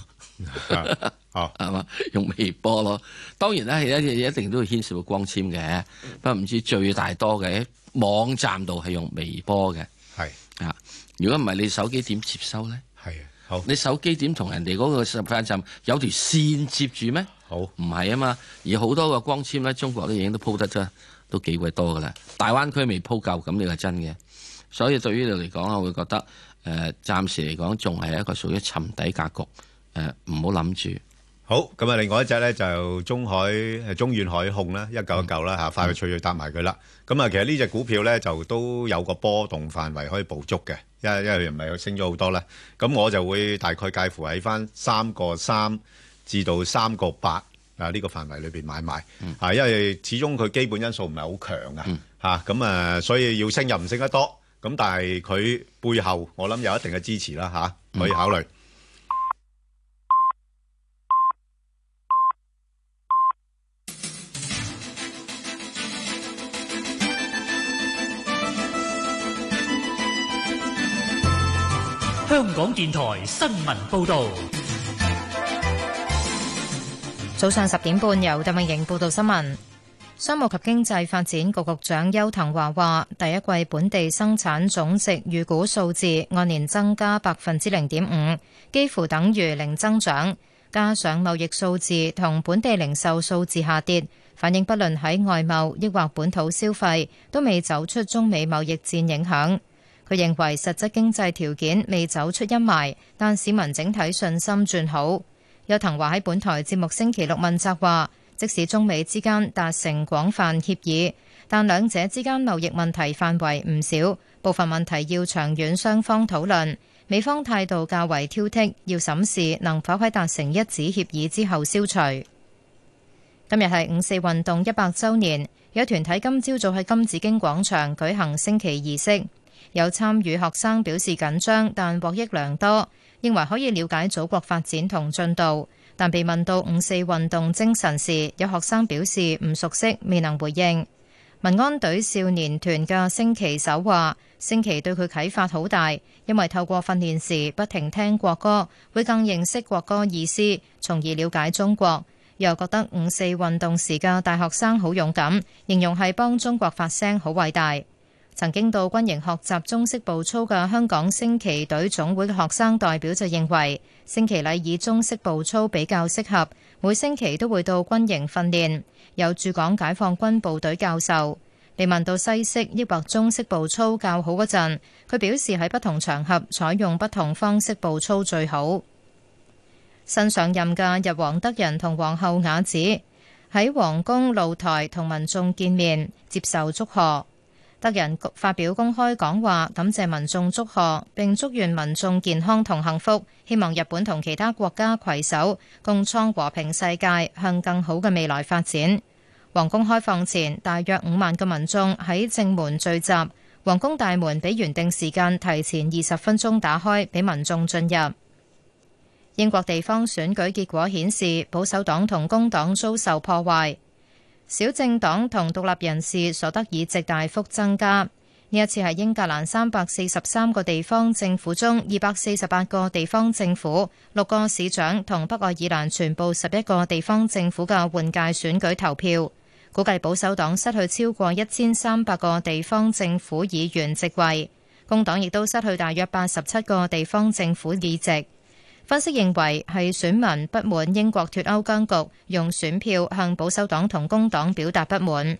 E: 係嘛？用微波咯。當然咧，一一定都會牽涉到光纖嘅。不過唔知最大多嘅喺網站度係用微波嘅，係啊。如果唔係，你手機點接收咧？係啊，好。你手機點同人哋嗰個站有條線接住咩？好，唔係啊嘛。而好多個光纖咧，中國都已經都鋪得咗。都幾鬼多噶啦，大灣區未鋪夠，咁你係真嘅。所以對於你嚟講，我會覺得誒、呃，暫時嚟講仲係一個屬於沉底格局，誒唔好諗住。
D: 好，咁啊，另外一隻呢，就中海、中遠海控啦，一嚿一嚿啦嚇，快趣趣答埋佢啦。咁啊，嗯、其實呢隻股票呢，就都有個波動範圍可以捕捉嘅，因因為唔係有升咗好多啦。咁我就會大概介乎喺翻三個三至到三個八。啊！呢、這個範圍裏邊買賣，啊、嗯，因為始終佢基本因素唔係好強啊，嚇、嗯、咁啊，啊，所以要升又唔升得多，咁但係佢背後我諗有一定嘅支持啦，嚇、啊、可以考慮、嗯。
A: 香港電台新聞報導。
G: 早上十點半，由鄧永盈報道新聞。商務及經濟發展局局長邱騰華話，第一季本地生產總值預估數字按年增加百分之零點五，幾乎等於零增長。加上貿易數字同本地零售數字下跌，反映不論喺外貿抑或本土消費都未走出中美貿易戰影響。佢認為實質經濟條件未走出陰霾，但市民整體信心轉好。邱騰華喺本台節目星期六問責話：即使中美之間達成廣泛協議，但兩者之間貿易問題範圍唔少，部分問題要長遠雙方討論。美方態度較為挑剔，要審視能否喺達成一紙協議之後消除。今日係五四運動一百週年，有團體今朝早喺金紫荊廣場舉行升旗儀式，有參與學生表示緊張，但獲益良多。認為可以了解祖國發展同進度，但被問到五四運動精神時，有學生表示唔熟悉，未能回應。民安隊少年團嘅升旗手話，升旗對佢啟發好大，因為透過訓練時不停聽國歌，會更認識國歌意思，從而了解中國。又覺得五四運動時嘅大學生好勇敢，形容係幫中國發聲好偉大。曾經到軍營學習中式步操嘅香港升旗隊總會嘅學生代表就認為，升旗禮以中式步操比較適合。每星期都會到軍營訓練，有駐港解放軍部隊教授。被問到西式抑或中式步操較好嗰陣，佢表示喺不同場合採用不同方式步操最好。新上任嘅日皇德仁同皇后雅子喺皇宮露台同民眾見面，接受祝賀。德仁發表公開講話，感謝民眾祝賀，並祝願民眾健康同幸福。希望日本同其他國家攜手，共創和平世界，向更好嘅未來發展。皇宮開放前，大約五萬個民眾喺正門聚集。皇宮大門比原定時間提前二十分鐘打開，俾民眾進入。英國地方選舉結果顯示，保守黨同工黨遭受破壞。小政黨同獨立人士所得議席大幅增加。呢一次係英格蘭三百四十三個地方政府中，二百四十八個地方政府，六個市長同北愛爾蘭全部十一個地方政府嘅換屆選舉投票。估計保守黨失去超過一千三百個地方政府議員席位，工黨亦都失去大約八十七個地方政府議席。分析認為係選民不滿英國脱歐僵局，用選票向保守黨同工黨表達不滿。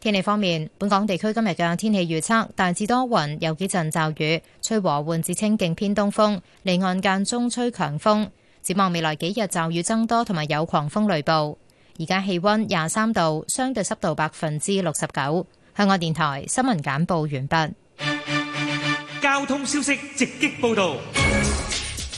G: 天氣方面，本港地區今日嘅天氣預測大致多雲，有幾陣驟雨，吹和緩至清勁偏東風，離岸間中吹強風。展望未來幾日，驟雨增多同埋有狂風雷暴。而家氣温廿三度，相對濕度百分之六十九。香港電台新聞簡報完畢。交
B: 通消息直擊報導。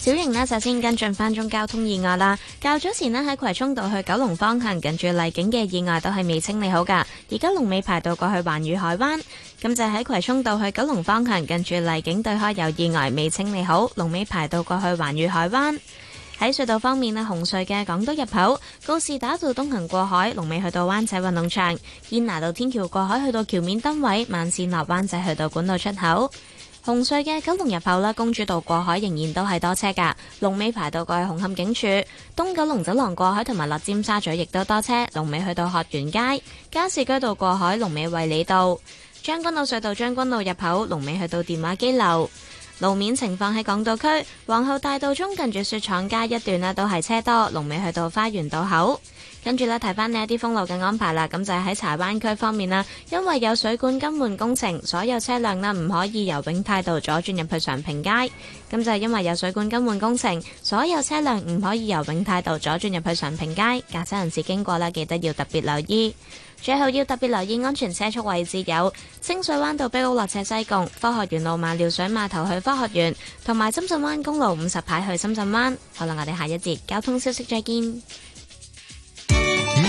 H: 小瑩呢，首先跟進返宗交通意外啦。較早前呢，喺葵涌道去九龍方向近住麗景嘅意外都係未清理好㗎，而家龍尾排到過去環宇海灣。咁就喺葵涌道去九龍方向近住麗景對開有意外未清理好，龍尾排到過去環宇海灣。喺隧道方面呢，紅隧嘅港島入口告士打道東行過海，龍尾去到灣仔運動場；堅拿道天橋過海去到橋面燈位，慢線落灣仔去到管道出口。紅隧嘅九龍入口啦，公主道過海仍然都係多車噶，龍尾排到過去紅磡警署；東九龍走廊過海同埋落尖沙咀亦都多車，龍尾去到鶴園街；加士居道過海龍尾衛理道；將軍澳隧道將軍澳入口龍尾去到電話機樓。路面情況，喺港島區皇后大道中，近住雪廠街一段啦，都係車多，龍尾去到花園道口。跟住咧，睇翻呢一啲封路嘅安排啦。咁就喺柴灣區方面啦，因為有水管更換工程，所有車輛呢唔可以由永泰道左轉入去常平街。咁就係因為有水管更換工程，所有車輛唔可以由永泰道左轉入去常平街。駕駛人士經過呢，記得要特別留意。最後要特別留意安全車速位置有清水灣道、壁屋落斜西貢、科學園路，路、馬料水碼頭去科學園，同埋深圳灣公路五十牌去深圳灣。好啦，我哋下一節交通消息再見。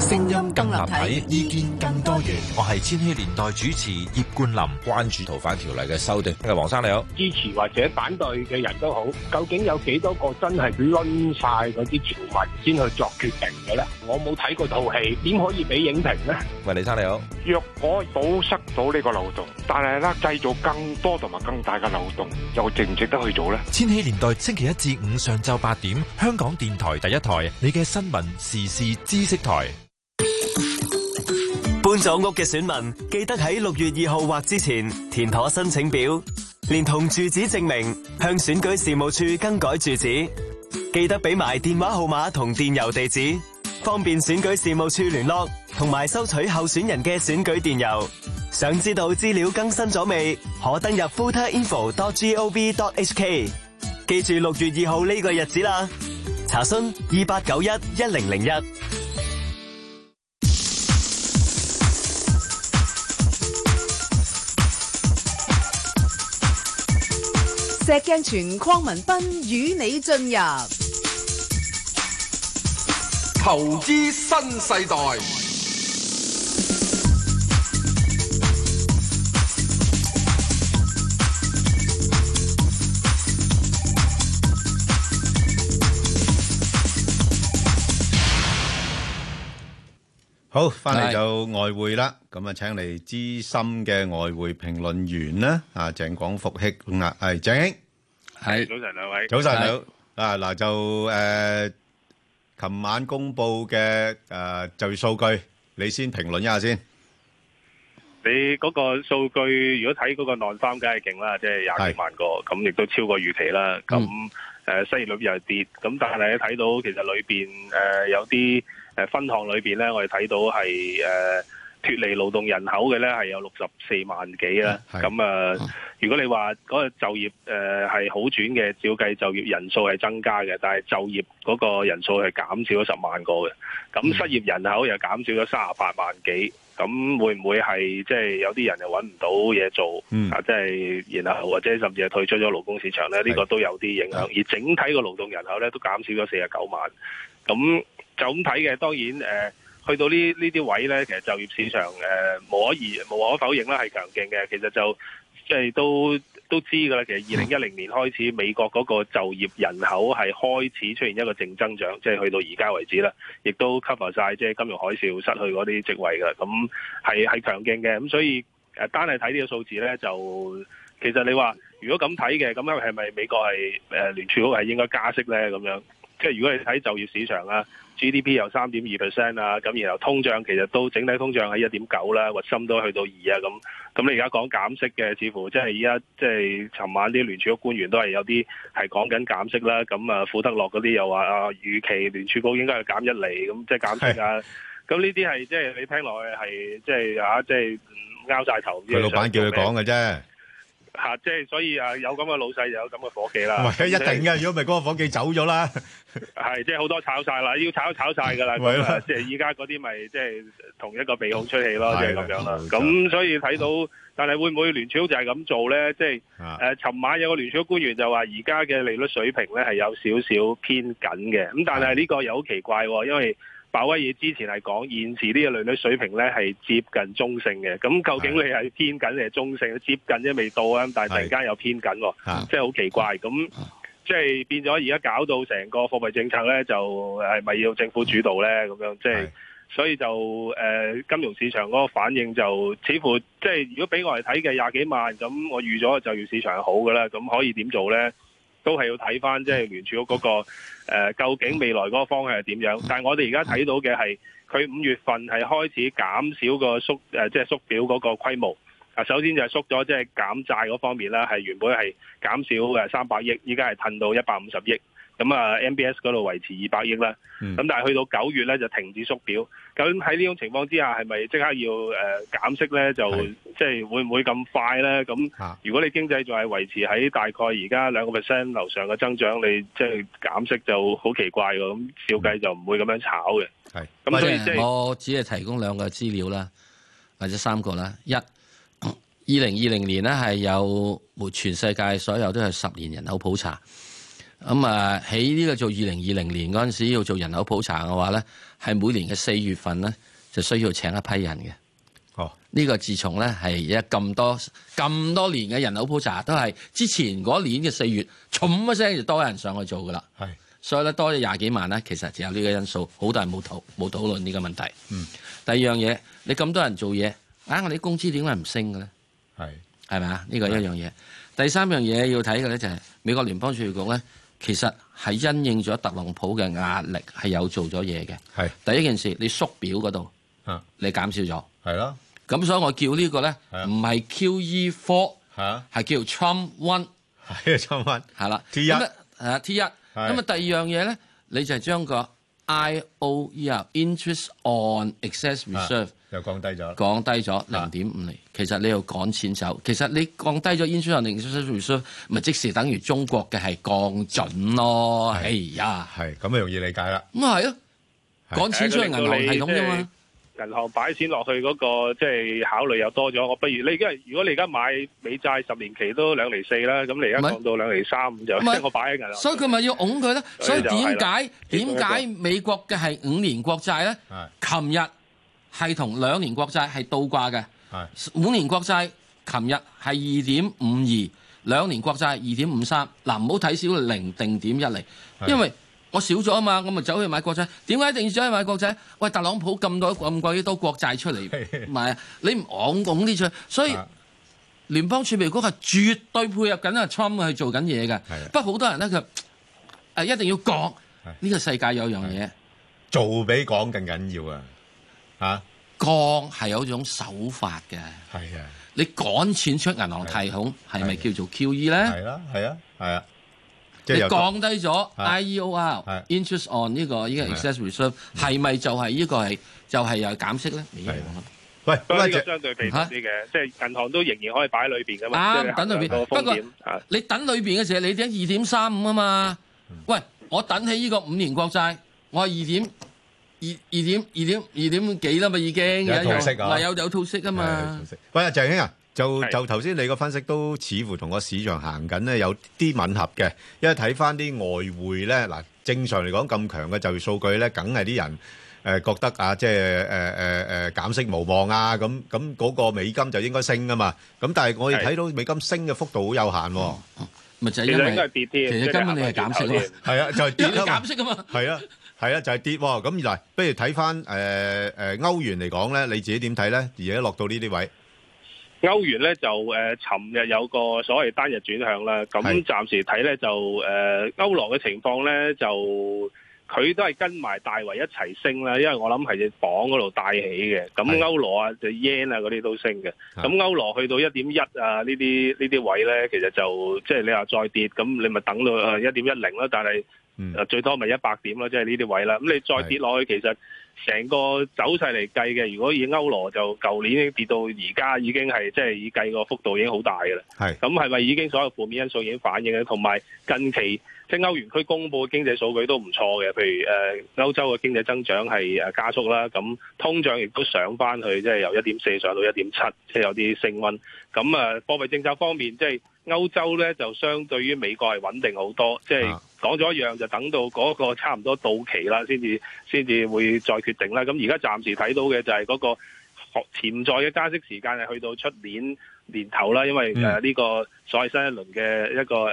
I: 聲音更立體，意見
J: 更多元。
I: 我係千禧年代主持葉冠霖，關注逃犯條例嘅修訂。係黃
J: 生你好。支持或者反對嘅人都好，究竟有幾多個真係去掄晒嗰啲條文先去作決定嘅咧？我冇睇過套戲，點可
I: 以俾影評咧？喂，李生你好。若果堵塞到呢個漏洞，但係咧製造更多同埋更大嘅漏洞，又值唔值得去做咧？千禧年代星期一至五上晝八點，香港電台第一台，你嘅新聞時事知識台。搬咗屋嘅選民，記得喺六月二號或之前填妥申請表，連同住址證明向選舉事務處更改住址。記得俾埋電話號碼同電郵地址，方便選舉事務處聯絡同埋收取候選人嘅選舉電郵。想知道資料更新咗未？可登入 voterinfo.gov.hk。記住六月二號呢個日子啦。查詢二八九一一零零一。
C: 石鏡
D: 泉鄺民彬與你進入
C: 投資新世代。
D: 好，翻嚟就外匯啦，咁啊，請嚟資深嘅外匯評論員啦，啊鄭廣福兄啊，係鄭兄，係，
F: 早晨兩
D: 位，早晨好，啊嗱就誒，琴晚公布嘅誒就業數據，你先評論一下先。你
J: 嗰個數據，如果睇嗰個浪三，梗係勁啦，即係廿幾萬個，咁亦都超過預期啦。咁誒，失業率又係跌，咁但係你睇到其實裏邊誒有啲。分項裏面咧，我哋睇到係誒脱離勞動人口嘅咧，係有六十四萬幾啦。咁誒、嗯呃，如果你話嗰個就業誒係好轉嘅，照計就業人數係增加嘅，但係就業嗰個人數係減少咗十萬個嘅。咁失業人口又減少咗三十八萬幾。咁會唔會係即係有啲人又揾唔到嘢做、嗯、啊？即、就、係、是、然後或者甚至係退出咗勞工市場咧？呢、這個都有啲影響、嗯。而整體個勞動人口咧都減少咗四十九萬。咁就咁睇嘅，當然誒、呃，去到呢呢啲位呢，其實就業市場誒、呃、無可疑、無可否認啦，係強勁嘅。其實就即係、就是、都都知噶啦，其實二零一零年開始美國嗰個就業人口係開始出現一個正增長，即、就、係、是、去到而家為止啦，亦都 cover 晒，即、就、係、是、金融海嘯失去嗰啲職位噶，咁係係強勁嘅。咁所以、呃、單係睇呢個數字呢，就其實你話如果咁睇嘅，咁係咪美國係誒、呃、聯儲好聯儲局係應該加息呢？咁樣？即係如果你睇就業市場啦，GDP 又三點二 percent 啦，咁然後通脹其實都整體通脹係一點九啦，核心都去到二啊咁。咁你而家講減息嘅，似乎即係依家即係尋晚啲聯儲局官員都係有啲係講緊減息啦。咁啊，富德樂嗰啲又話啊，預期聯儲局應該係減一厘，咁，即係減息啊。咁呢啲係即係你聽落去係即係啊，即係拗晒頭。佢老闆叫佢講嘅啫。啊！即、就、係、是、所以啊，有咁嘅老細就有咁嘅伙計啦。唔係一定
D: 嘅，如果唔係嗰個夥計走咗啦。
J: 係即係好多炒晒啦，要炒都炒晒㗎啦。即係依家嗰啲咪即係同一個鼻孔出氣咯，即係咁樣啦。咁所以睇到，是但係會唔會聯儲就係咁做咧？即係誒尋晚有個聯儲官員就話，而家嘅利率水平咧係有少少偏緊嘅。咁但係呢個又好奇怪，因為，鮑威爾之前係講現時呢個利率水平咧係接近中性嘅，咁究竟你係偏緊定係中性？接近啫，未到啊！但係突然間又偏緊喎，即係好奇怪。咁即係變咗，而家搞到成個貨幣政策咧，就係、是、咪要政府主導咧？咁樣即係，所以就誒、呃、金融市場嗰個反應就似乎即係，如果俾我嚟睇嘅廿幾萬，咁我預咗就業市場係好嘅啦。咁可以點做咧？都係要睇翻即係聯儲局、那、嗰個、呃、究竟未來嗰個方向係點樣？但係我哋而家睇到嘅係，佢五月份係開始減少個縮誒，即、呃、係、就是、縮表嗰個規模。啊，首先就係縮咗，即、就、係、是、減債嗰方面啦，係原本係減少嘅三百億，依家係褪到一百五十億。咁啊，MBS 嗰度維持二百億啦。咁、嗯、但係去到九月咧就停止縮表。咁喺呢種情況之下，係咪即刻要誒減息咧？就即係、係、會唔會咁快咧？咁、啊、如果你經濟仲係維持喺大概而家兩個 percent 樓上嘅增長，你即係減息就好奇怪喎。咁小計就唔會咁樣炒嘅。係。咁所以即、係、我
E: 只係提供兩個資料啦，或者三個啦。一二零二零年咧係有全世界所有都係十年人口普查。咁啊，喺呢個做二零二零年嗰陣時要做人口普查嘅話咧，係每年嘅四月份咧就需要請一批人嘅。哦，呢個自從咧係而家咁多咁多年嘅人口普查都係之前嗰年嘅四月，重一聲就多人上去做噶啦。係，所以咧多咗廿幾萬咧，其實就有呢個因素，好多人冇討冇討論呢個問題。嗯。第二樣嘢，你咁多人做嘢，啊，我哋啲工資點解唔升嘅咧？係，係咪啊？呢個係一樣嘢。第三樣嘢要睇嘅咧就係、是、美國聯邦儲備局咧。其實係因應咗特朗普嘅壓力，係有做咗嘢嘅。係第一件事，你縮表嗰度，嗯、啊，你減少咗。係咯，咁所以我叫呢個呢個咧，唔係 QE four，係叫 Trump one，Trump one，係啦。T 一，係啊，T 一。咁啊、嗯，T1、第二樣嘢咧，你就係將個，I O E R interest on excess reserve
D: 又、啊、降低咗，降
E: 低咗零點五厘，啊。其實你要趕錢走，其實你降低咗 interest on excess reserve，咪即時等於中國嘅係降準咯。哎
D: 呀，係咁啊，容易理解啦。咁啊係啊，
J: 趕錢出去銀行系統啫嘛。銀行擺錢落去嗰個即係考慮又多咗，我不如你而家如果你而家買美債十年期都兩釐四啦，咁你而家講到兩釐三就即我擺喺銀行啦。所以佢
E: 咪要拱佢咧？所以點解點解美國嘅係五年國債咧？琴日係同兩年國債係倒掛嘅。五年國債琴日係二點五二，兩年國債二點五三。嗱，唔好睇少零定點一釐，因為。我少咗啊嘛，我咪走去買國債。點解一定要走去買國債？喂，特朗普撳到咁貴多國債出嚟買啊！ 你唔講講啲出來，所以聯邦儲備局係絕對配合緊阿 Trump 去做緊嘢嘅。不過好多人咧佢誒一定要講呢、呢個世界有一樣嘢，
D: 做比講更緊要啊！嚇，
E: 講係有一種手法嘅。係啊，你趕錢出銀行提兇係咪叫做 QE 咧？係啦，係啊，係啊。是你降低咗 IOER interest on 呢個依個 excess reserve 係咪就係依個係就係又減息
J: 咧？一樣咯。喂，不過呢個相對平啲嘅，即係銀行都仍然可以擺喺裏邊噶嘛。啱，等
E: 裏邊。不過你等裏邊嘅時候，你點二點三五啊嘛？喂，我等喺依個五年國債，我係二點二二點二點二點幾啦嘛已經。有套息啊！嗱有有套息啊嘛。
D: 喂啊，鄭兄啊！就就頭先你個分析都似乎同個市場行緊咧有啲吻合嘅，因為睇翻啲外匯咧，嗱正常嚟講咁強嘅就業數據咧，梗係啲人誒覺得啊，即係誒誒誒減息無望啊，咁咁嗰個美金就應該升㗎嘛，咁但係我哋睇到美金升嘅幅度好有限，咪就係因為都係跌啲其實根本你係減息嘅，係啊，就係跌減息啊嘛，係啊係啊就係跌喎，咁嗱，不如睇翻誒誒歐元嚟講咧，你自己點睇咧？而家落到呢啲位。
J: 歐元咧就誒，呃、尋日有個所謂單日轉向啦。咁暫時睇咧就誒、呃，歐羅嘅情況咧就佢都係跟埋大圍一齊升啦。因為我諗係隻鎊嗰度帶起嘅。咁歐羅啊，就 yen 啊嗰啲都升嘅。咁歐羅去到一點一啊位呢啲呢啲位咧，其實就即係、就是、你話再跌，咁你咪等到一點一零啦。但係最多咪一百點咯，即係呢啲位啦。咁你再跌落去其實。成個走勢嚟計嘅，如果以歐羅就舊年已經跌到而家已經係，即係已計個幅度已經好大嘅啦。係，咁係咪已經所有負面因素已經反映咧？同埋近期。即係歐元區公布嘅經濟數據都唔錯嘅，譬如誒歐洲嘅經濟增長係誒加速啦，咁通脹亦都上翻去，即係由一點四上到一點七，即係有啲升溫。咁啊貨幣政策方面，即係歐洲咧就相對於美國係穩定好多，即係講咗一樣就等到嗰個差唔多到期啦，先至先至會再決定啦。咁而家暫時睇到嘅就係嗰個潛在嘅加息時間係去到出年。年頭啦，因為誒呢個所謂新一輪嘅一個誒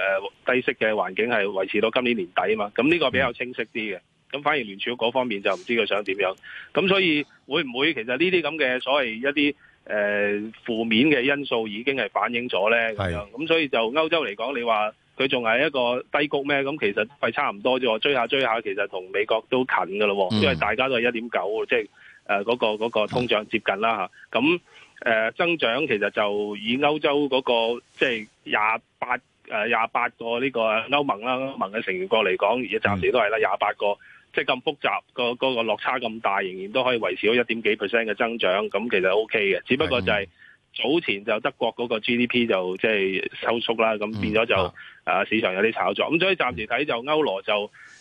J: 低息嘅環境係維持到今年年底啊嘛，咁呢個比較清晰啲嘅，咁反而聯儲嗰方面就唔知佢想點樣，咁所以會唔會其實呢啲咁嘅所謂一啲誒、呃、負面嘅因素已經係反映咗咧？咁咁所以就歐洲嚟講，你話佢仲係一個低谷咩？咁其實係差唔多啫喎，追下追下，其實同美國都近噶咯、嗯，因為大家都係一點九，即係誒嗰個嗰、嗰個通脹接近啦吓咁。誒、呃、增長其實就以歐洲嗰、那個即係廿八誒廿八個呢個歐盟啦，歐盟嘅成員國嚟講，而家暫時都係啦，廿八個即係咁複雜個嗰落差咁大，仍然都可以維持到一點幾 percent 嘅增長，咁其實 OK 嘅。只不過就係早前就德國嗰個 GDP 就即係收縮啦，咁變咗就、嗯啊啊、市場有啲炒作。咁所以暫時睇就歐羅就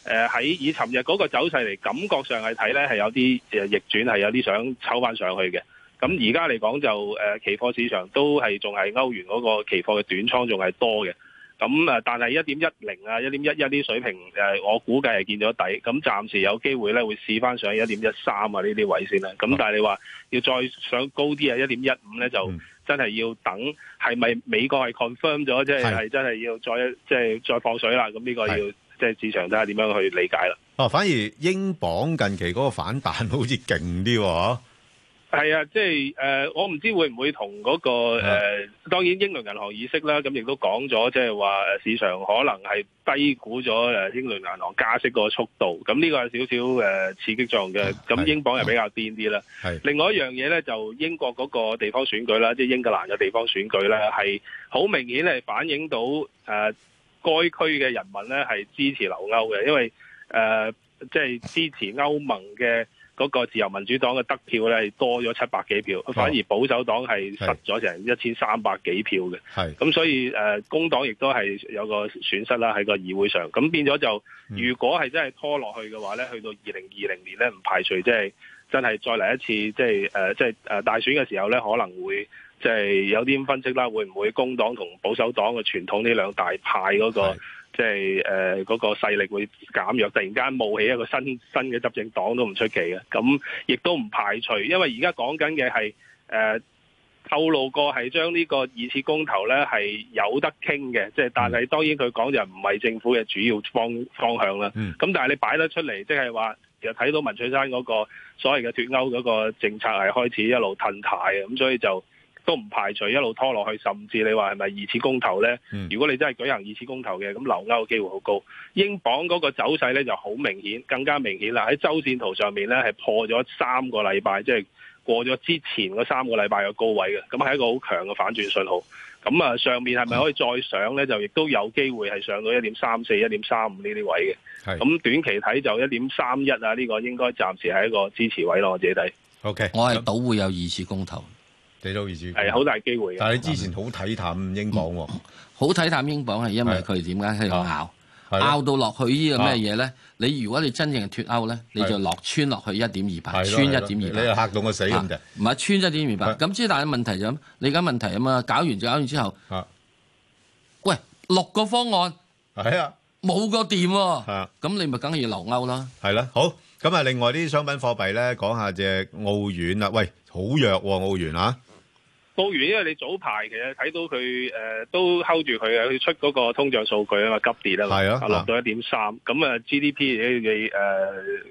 J: 喺、呃、以尋日嗰個走勢嚟，感覺上係睇咧係有啲逆轉，係有啲想抽翻上去嘅。咁而家嚟講就誒期貨市場都係仲係歐元嗰個期貨嘅短倉仲係多嘅，咁但係一點一零啊、一點一一啲水平我估計係見咗底，咁暫時有機會咧會試翻上一點一三啊呢啲位先啦。咁但係你話要再上高啲啊、嗯，一點一五咧就真係要等係咪美國係 confirm 咗，即係、就是、真係要再即係、就是、再放水啦？咁呢個要即係市場睇下點樣去理
D: 解啦。哦，反而英鎊近期嗰個反彈好似勁啲喎。
J: 係啊，即係誒，我唔知會唔會同嗰、那個誒、呃，當然英倫銀行議息啦，咁亦都講咗，即係話市場可能係低估咗誒英倫銀行加息個速度，咁呢個係少少誒刺激作用嘅，咁英鎊又比較癲啲啦。另外一樣嘢呢，就英國嗰個地方選舉啦，即、就、係、是、英格蘭嘅地方選舉呢，係好明顯係反映到誒、呃、該區嘅人民呢係支持留歐嘅，因為誒即係支持歐盟嘅。嗰、那個自由民主黨嘅得票咧係多咗七百幾票，反而保守黨係失咗成一千三百幾票嘅。咁、哦、所以誒、呃，工黨亦都係有個損失啦喺個議會上。咁變咗就，如果係真係拖落去嘅話咧，去到二零二零年咧，唔排除即係、就是、真係再嚟一次即係誒即係誒大選嘅時候咧，可能會即係、就是、有啲分析啦，會唔會工黨同保守黨嘅傳統呢兩大派嗰、那個，即係誒嗰個勢力會減弱，突然間冒起一個新新嘅執政黨都唔出奇嘅。咁亦都唔排除，因為而家講緊嘅係誒透露過係將呢個二次公投咧係有得傾嘅，即係但係當然佢講就唔係政府嘅主要方方向啦。咁、嗯、但係你擺得出嚟，即係話其實睇到文翠珊嗰個所謂嘅脱歐嗰個政策係開始一路褪軚嘅，咁所以就。都唔排除一路拖落去，甚至你話係咪二次公投呢、嗯？如果你真係舉行二次公投嘅，咁留歐嘅機會好高。英鎊嗰個走勢呢就好明顯，更加明顯啦！喺周線圖上面呢，係破咗三個禮拜，即、就、係、是、過咗之前嗰三個禮拜嘅高位嘅，咁係一個好強嘅反轉信號。咁啊，上面係咪可以再上呢？嗯、就亦都有機會係上到一點三四、一點三五呢啲位嘅。咁短期睇就一點三一啊，呢、這個應該暫時係一個支持位咯，我自己睇。
D: O、okay. K，我係賭會有二次公投。你嘅意思係
J: 好大機會的，
D: 但係你之前好睇淡英鎊喎、
E: 哦，好、嗯、睇淡英鎊係因為佢點解喺度拗，拗到落去是什麼呢個咩嘢咧？你如果你真正脫歐咧，你就落穿落去一點二八，穿一點二八，你嚇到我死人定？唔係穿一點二八，咁之但係問題就，你而家問題啊嘛，搞完就搞完之後，喂，六個方案，係啊，冇個掂喎，咁你咪梗係要
D: 留歐啦，係啦，好，咁啊，另外啲商品貨幣咧，講下隻澳元啦，喂，好弱、啊、澳元啊！
J: 報完，因為你早排其實睇到佢誒、呃、都睺住佢嘅，佢出嗰個通脹數據啊嘛，急跌啊嘛，落、啊、到一點三，咁、呃、啊 GDP 嘅你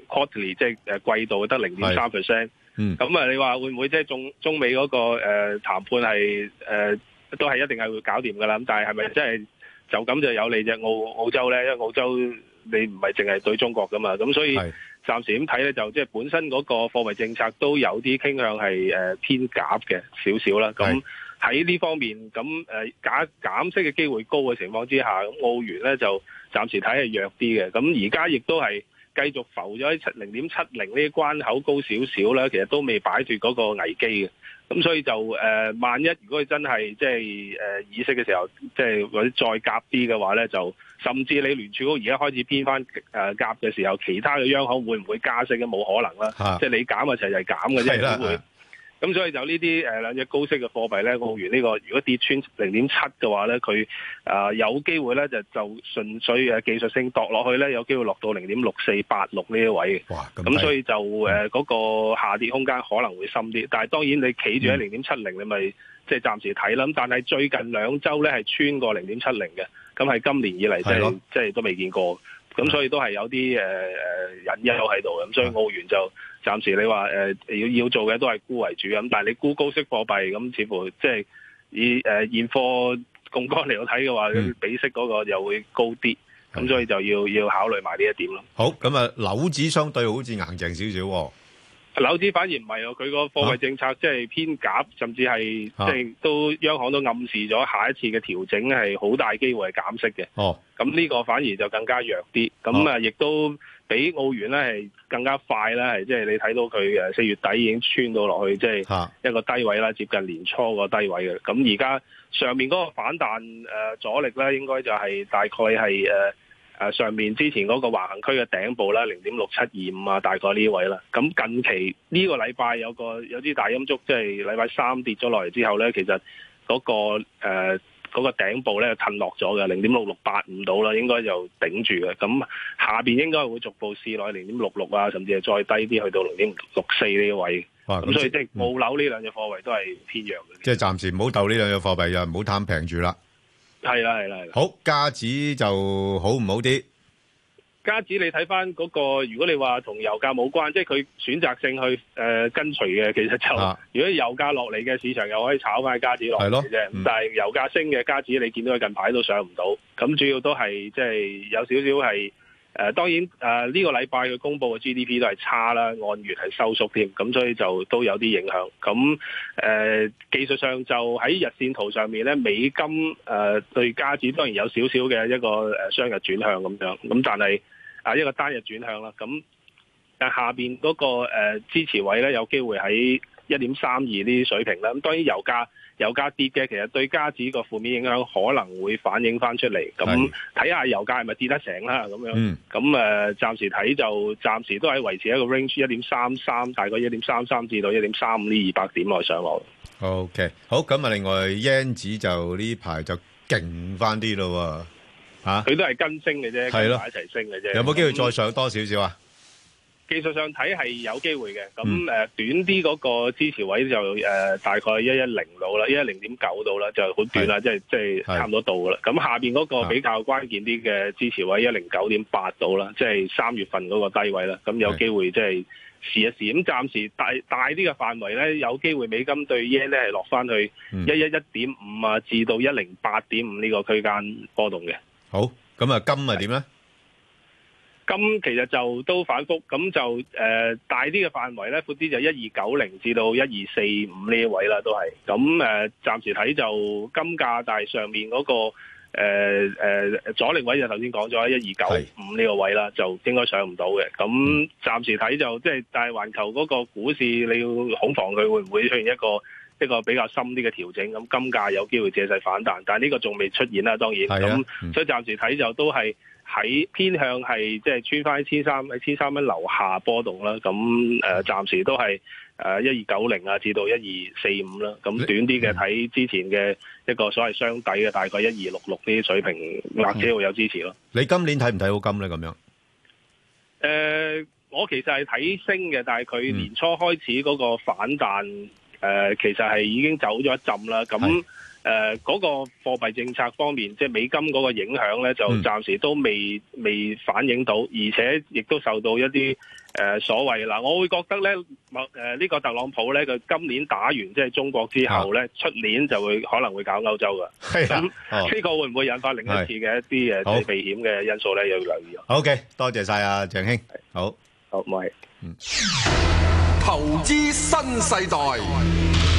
J: quarterly 即、就、係、是、誒、呃、季度得零點三 percent，咁啊你話會唔會即中中美嗰、那個誒、呃、談判係誒、呃、都係一定係會搞掂㗎啦？咁但係係咪真係就咁就，就有利啫？澳澳洲咧，因為澳洲你唔係淨係對中國㗎嘛，咁所以。暫時咁睇咧，就即係本身嗰個貨幣政策都有啲傾向係、呃、偏減嘅少少啦。咁喺呢方面，咁誒減減息嘅機會高嘅情況之下，咁澳元咧就暫時睇係弱啲嘅。咁而家亦都係。繼續浮咗喺七零點七零呢啲關口高少少呢，其實都未擺脱嗰個危機嘅。咁所以就誒、呃，萬一如果佢真係即係誒、呃、意識嘅時候，即係或者再夾啲嘅話咧，就甚至你聯儲局而家開始編翻誒夾嘅時候，其他嘅央行會唔會加息都冇可能啦，啊、即係你減嘅時候係減嘅，啫。咁、嗯、所以就呢啲兩隻高息嘅貨幣咧，澳元呢、這個如果跌穿零點七嘅話咧，佢啊有機會咧就就純粹嘅技術性跌落去咧，有機會、呃、會落到零點六四八六呢一位嘅。咁、嗯、所以就誒嗰、呃嗯那個下跌空間可能會深啲。但係當然你企住喺零點七零，你咪即係暫時睇啦。但係最近兩週咧係穿過零點七零嘅，咁係今年以嚟、就是、即係即係都未見過。咁、嗯嗯、所以都係有啲誒誒隱憂喺度。咁所以澳元就。暫時你話誒、呃、要要做嘅都係沽為主咁，但係你沽高息貨幣咁，似乎即係以誒、呃、現貨槓桿嚟睇嘅話、嗯，比息嗰個又會高啲，咁所以就要要考慮埋呢一點咯。
D: 好，咁啊，樓指相對好似硬淨少少。
J: 樓子反而唔係哦，佢個貨幣政策即係偏減、啊，甚至係即、就是、都央行都暗示咗下一次嘅調整係好大機會係減息嘅。哦，咁呢個反而就更加弱啲。咁啊，亦、哦、都比澳元咧係更加快啦，係即係你睇到佢四月底已經穿到落去，即、就、係、是、一個低位啦，接近年初個低位嘅。咁而家上面嗰個反彈誒、呃、阻力咧，應該就係大概係誒。呃上面之前嗰個橫行區嘅頂部啦，零點六七二五啊，大概呢位啦。咁近期呢、呢個禮拜有個有啲大陰燭，即係禮拜三跌咗落嚟之後咧，其實嗰、嗰個誒嗰、呃嗰個頂部咧褪落咗嘅，零點六六八五度啦，應該就頂住嘅。咁下邊應該會逐步試落去零點六六啊，甚至係再低啲去到零點六四呢位。
D: 哇！咁所以即係冇
J: 紐呢兩隻貨幣都係偏弱嘅。
D: 即係暫時唔好投呢兩隻貨幣，又唔好貪平住啦。
J: 係啦，係啦，係啦。
D: 好，加子就好唔好啲？
J: 加子，你睇翻嗰個，如果你話同油價冇關，即係佢選擇性去誒、呃、跟隨嘅，其實就、啊、如果油價落嚟嘅市場又可以炒翻加子落嚟，但係油價升嘅加子，你見到佢近排都上唔到。咁主要都係即係有少少係。誒、呃、當然誒呢、呃這個禮拜佢公布嘅 GDP 都係差啦，按月係收縮添，咁所以就都有啲影響。咁誒、呃、技術上就喺日線圖上面咧，美金誒、呃、對價指當然有少少嘅一個誒雙日轉向咁樣，咁但係啊一個單日轉向啦。咁但下邊嗰、那個、呃、支持位咧有機會喺一點三二呢啲水平啦。咁當然油價。油價跌嘅，其實對加紙個負面影響可能會反映翻出嚟。咁睇下油價係咪跌得成啦，咁樣咁誒、呃，暫時睇就暫時都係維持一個 range 一點三三，大概一點三三至到一點三五呢二
D: 百點內上落。OK，好咁啊，另外 yen 紙就呢排就勁翻啲咯喎，佢都係
J: 跟升嘅啫，係咯，一齊升嘅啫。有冇機會再上
D: 多少少、嗯、啊？
J: 技術上睇係有機會嘅，咁誒短啲嗰個支持位就誒、嗯呃、大概一一零到啦，一一零點九到啦，就好短啦，即係即係差唔多到噶啦。咁下面嗰個比較關鍵啲嘅支持位一零九點八到啦，即係三月份嗰個低位啦，咁有機會即係試一試。咁暫時大大啲嘅範圍咧，有機會美金對耶咧係落翻去一一一點五啊，至到一零八點五呢個區間波動嘅。
D: 好，咁啊金係點咧？
J: 咁其實就都反覆，咁就誒、呃、大啲嘅範圍咧，寬啲就一二九零至到一二四五呢一位啦，都係咁誒。暫時睇就金價大上面嗰、那個誒阻力位就頭先講咗一二九五呢個位啦，就應該上唔到嘅。咁、嗯、暫時睇就即係、就是、大環球嗰個股市，你要恐防佢會唔會出現一個一個比較深啲嘅調整。咁金價有機會借勢反彈，但呢個仲未出現啦，當然。咁、啊嗯、所以暫時睇就都係。喺偏向係即係穿翻喺千三千三蚊樓下波動、呃暫呃、1, 290, 1, 2, 4, 5, 啦，咁誒暫時都係誒一二九零啊至到一二四五啦，咁短啲嘅，睇之前嘅一個所謂雙底嘅、嗯、大概一二六
D: 六呢啲水平或者會有支持咯。你今年睇唔睇好金咧？咁樣？
J: 誒、呃，我其實係睇升嘅，但係佢年初開始嗰個反彈誒、嗯呃，其實係已經走咗一浸啦，咁。誒、呃，嗰、那個貨幣政策方面，即係美金嗰個影響咧，就暫時都未未反映到，而且亦都受到一啲誒、呃、所謂嗱，我會覺得咧，誒、呃、呢、這個特朗普咧佢今年打完即係中國之後咧，出、啊、年就會可能會搞歐洲噶。
F: 咁
D: 呢、
J: 嗯啊、個會唔會引發另一次嘅一啲誒即避險嘅因素咧？要留意
D: o、okay, K，多謝晒阿鄭兄，好，好唔係、嗯、
J: 投資新世代。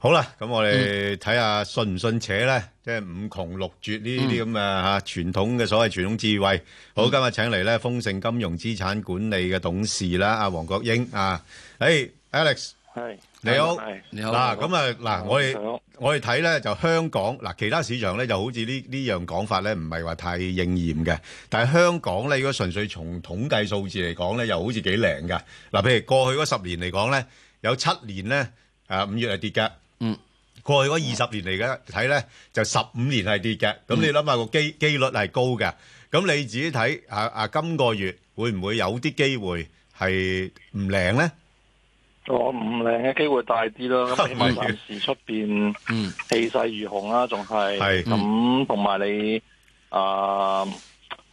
D: 好啦，咁我哋睇下信唔信扯咧，即係五窮六絕呢啲咁啊吓傳統嘅所謂傳統智慧。好，今日請嚟咧豐盛金融資產管理嘅董事啦，阿黃國英啊，誒 Alex，係，你好，你好。嗱咁啊嗱，我哋我哋睇咧就香港嗱，其他市場咧就好似呢呢樣講法咧唔係話太應驗嘅，但係香港咧，如果純粹從統計數字嚟講咧，又好似幾靚噶。嗱，譬如過去嗰十年嚟講咧，有七年咧啊五月係跌㗎。嗯，過去嗰二十年嚟嘅睇咧，就十五年係跌嘅，咁你諗下個機機率係高嘅，咁你自己睇啊啊今個月會唔會有啲機會係唔靚咧？我唔靚嘅機會大啲咯，咁暫時出邊氣勢如虹啦，仲係
C: 咁，同埋你啊，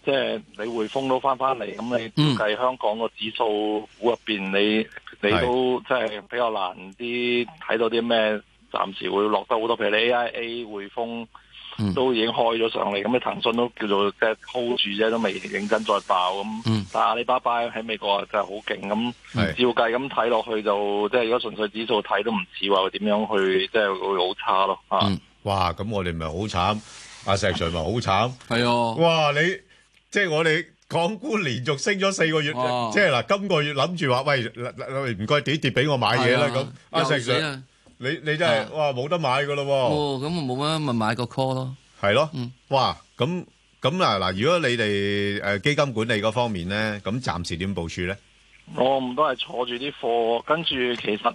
C: 即係你匯豐都返返嚟，咁你估計香港個指數股入邊，你你都即係比較難啲睇到啲咩？暫時會落得好多，譬如你 AIA、匯豐都已經開咗上嚟，咁、嗯、你騰訊都叫做即係 hold 住啫，都未認真再爆咁、嗯。但阿里巴巴喺美國就係好勁咁，嗯、照計咁睇落去就即係如果純粹指數睇都唔似話點樣去即係、就是、會好差咯。嗯，
D: 哇！咁我哋咪好慘，阿、啊、石 Sir 咪好慘，係啊！哇！你即係我哋港股連續升咗四個月，即係嗱今個月諗住話喂，唔該啲跌俾我買嘢啦咁，阿、啊、石 Sir。你你真係，哇，冇得買噶咯。咁冇乜咪買個 call 咯，係咯、嗯，哇，咁咁嗱嗱，如果你哋誒基金管理嗰方面咧，咁暫時點部署咧？
C: 我唔都係坐住啲貨，跟住，其實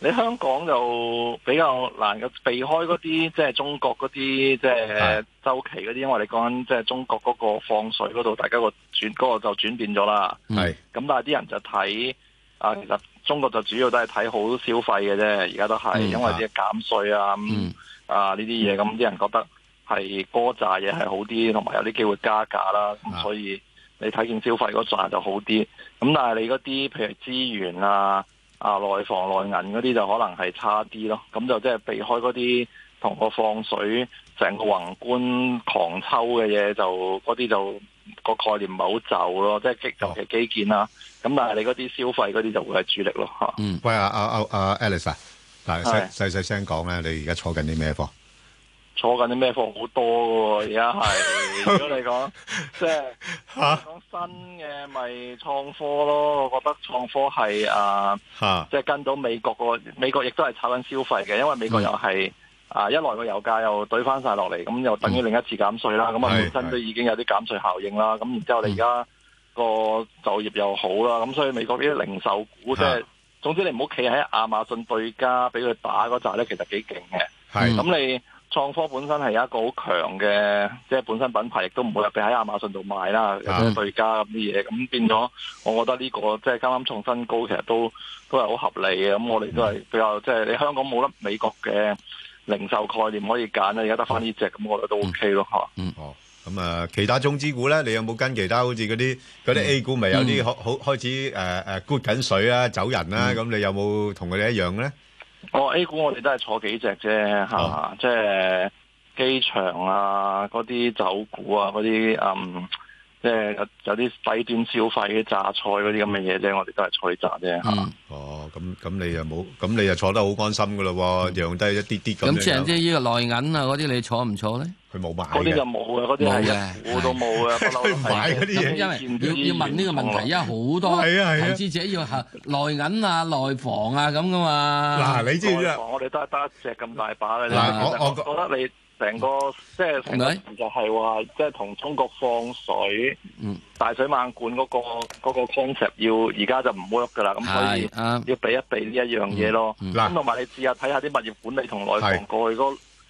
C: 你香港就比較難避開嗰啲即係中國嗰啲即係周期嗰啲，因為你講緊即係中國嗰個放水嗰度，大家個轉嗰個就轉變咗啦。係咁，嗯、但係啲人就睇啊，其實。中國就主要都係睇好消費嘅啫，而家都係因為啲減稅啊、
F: 嗯、
C: 啊呢啲嘢，咁、嗯、啲、啊、人覺得係割炸嘢係好啲，同、嗯、埋有啲機會加價啦。咁、啊、所以你睇見消費嗰扎就好啲，咁但係你嗰啲譬如資源啊、啊內房內銀嗰啲就可能係差啲咯。咁就即係避開嗰啲同個放水成個宏觀狂抽嘅嘢，就嗰啲就個概念唔係好就咯，即係激進嘅基建啦、啊。嗯咁但係你嗰啲消費嗰啲就會係主力咯，
D: 嗯，喂啊啊啊，Alex 啊，啊啊 Alice, 但小細細細聲講咧，你而家坐緊啲咩貨？
C: 坐緊啲咩貨好多嘅喎，而家係如果你講， 即係嚇講新嘅咪、就是、創科咯。我覺得創科係、啊、 即係跟到美國個美國亦都係炒緊消費嘅，因為美國又係、嗯、啊一來個油價又懟翻晒落嚟，咁又等於另一次減稅啦。咁、嗯、啊本身都已經有啲減稅效應啦。咁、嗯、然、嗯、之後你而家。個就業又好啦，咁所以美國呢啲零售股，即、啊、係總之你唔好企喺亞馬遜對家俾佢打嗰扎咧，其實幾勁嘅。係、嗯、咁，你創科本身係一個好強嘅，即係本身品牌亦都唔會俾喺亞馬遜度賣啦，或、啊、者對家咁啲嘢。咁變咗，我覺得呢、這個即係啱啱創新高，其實都都係好合理嘅。咁我哋都係比較即係，嗯就是、你香港冇得美國嘅零售概念可以揀啦，而家得翻呢隻咁，
D: 我覺得都 OK 咯，吓。嗯，嗯哦。咁啊，其他中資股咧，你有冇跟？其他好似嗰啲嗰啲 A 股，咪有啲好好開始誒誒沽緊水啊走人啊咁、嗯、你有冇同佢哋一樣咧？
C: 我、哦、A 股我哋都係坐幾隻啫，即、啊、係、啊係、機場啊，嗰啲走股啊，嗰啲嗯。即係有啲低端消費嘅榨
D: 菜嗰啲咁嘅嘢啫，我哋都係採集啫嚇。哦，咁咁你又冇，咁你又坐得好安心噶啦，揚低一啲啲咁樣。咁即係即係呢個內銀啊嗰啲，你坐唔坐咧？佢冇買嘅。嗰啲就冇啊，嗰啲係嘅，我都冇啊，不嬲買嗰啲嘢，因為要要問呢個問題，因為好
E: 多投資者要內銀啊、內房啊咁噶嘛。
C: 嗱，你知唔知，我哋得得一隻咁大把咧。嗱，我我覺得你。成個即係就係，是，話，即係同中國放水，嗯，大水漫灌嗰，嗰個 concept、嗰個，要而家就唔 work 㗎啦，咁所以要避一避呢一樣嘢咯。咁同埋你試下睇下啲物業管理同內房過去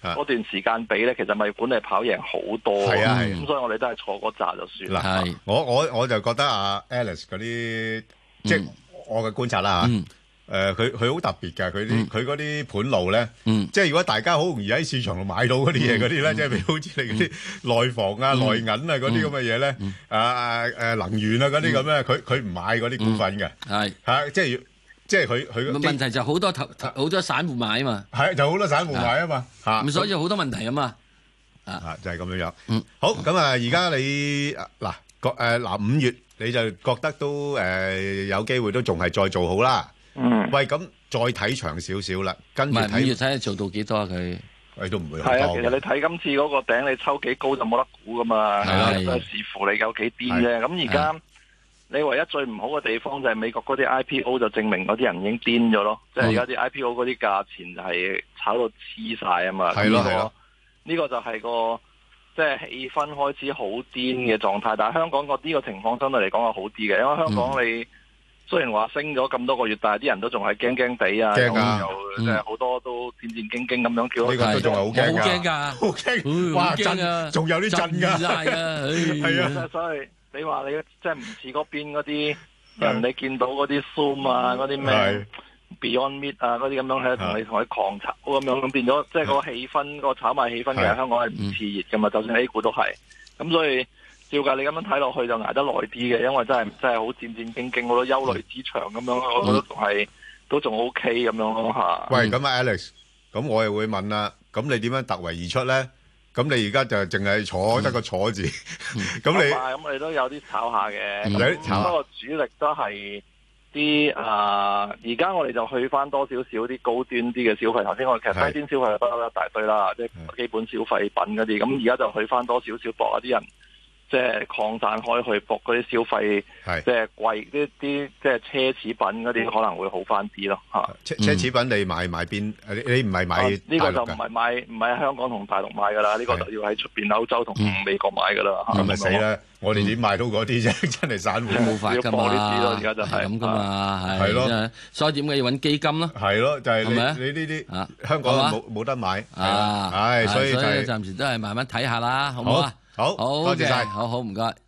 C: 嗰段時間比咧，其實物業管理跑贏好多。係啊係，咁所以我哋都係坐嗰扎就算啦。
D: 我我我就覺得啊，Alex 嗰啲即係我嘅觀察啦。嗯誒佢佢好特別㗎，佢啲佢嗰啲盤路咧，即係如果大家好容易喺市場度買到嗰啲嘢嗰啲咧，即係好似你嗰啲內房啊、內銀啊嗰啲咁嘅嘢咧，啊誒能源啊嗰啲咁咧，佢佢唔買嗰啲股份嘅，係嚇，即係即係佢佢問題就係好多投好多散戶買啊嘛，係就好多散戶買啊嘛嚇，咁所以好多問題啊嘛，啊就係咁樣樣，好咁啊而家你嗱誒嗱五月你就覺得都誒有機會都仲係再做好啦。嗯，喂，咁再睇長少少啦，跟住睇，睇做到幾多佢，啊，佢都唔會係啊。其實你睇
C: 今次嗰個頂，你抽幾高就冇得估噶嘛，係啊，都係視乎你有幾癲啫。咁而家你唯一最唔好嘅地方就係美國嗰啲 IPO 就證明嗰啲人已經癲咗咯。即係而家啲 IPO 嗰啲價錢係炒到黐晒啊嘛。係咯係咯，呢、這個啊啊這個就係個即係氣氛開始好癲嘅狀態。但係香港個呢個情況相對嚟講係好啲嘅，因為香港你。嗯雖然話升咗咁多個月，但係啲人都仲係驚驚地啊，又即係好多都戰戰兢兢咁樣，叫佢都仲係好驚好驚噶，
F: 好驚，
C: 哇，震啊，仲有啲震噶，係 啊，所以你話你即係唔似嗰邊嗰啲人，你見到嗰啲 Zoom 啊，嗰啲咩 Beyond Meat 啊，嗰啲咁樣喺度同你同佢狂炒咁樣，是變咗即係個氣氛，個炒賣氣氛嘅，香港係唔似熱噶嘛，就算 A 股都係，咁所以。照噶，你咁樣睇落去就捱得耐啲嘅，因為真係真係好戰戰兢兢，好多憂慮之場咁樣，我覺得仲係都仲 OK 咁樣
D: 咯嚇。喂，咁、嗯、啊 Alex，咁我又會問啦，咁你點樣突圍而出咧？咁你而家就淨係坐得個、嗯、坐字？咁、嗯、
C: 你咁你都有啲炒下嘅，咁不，不過主力都係啲啊，而、呃、家我哋就去翻多少少啲高端啲嘅消費。頭先我其實低端消費不嬲一大堆啦，即係基本消費品嗰啲。咁而家就去翻多少少搏一啲人。即係擴散開去，博嗰啲消費，係即係貴啲啲，即係奢侈品嗰啲可能會好返啲咯
D: 嚇。奢侈品你買埋邊？你唔係買？呢個就唔
C: 係買，唔係香港同大陸買噶啦。呢個就要喺出邊歐洲同美國買噶啦嚇。咁咪死啦！
D: 我哋點買到嗰啲啫，真係散
E: 戶冇法噶嘛。咁噶嘛，係。係咯，所以點解要搵基金咯？係咯，就係你你呢啲
D: 香港冇冇得買，係所以暫時都係慢
F: 慢睇下啦，好唔好啊？好好，多謝晒，好好唔該。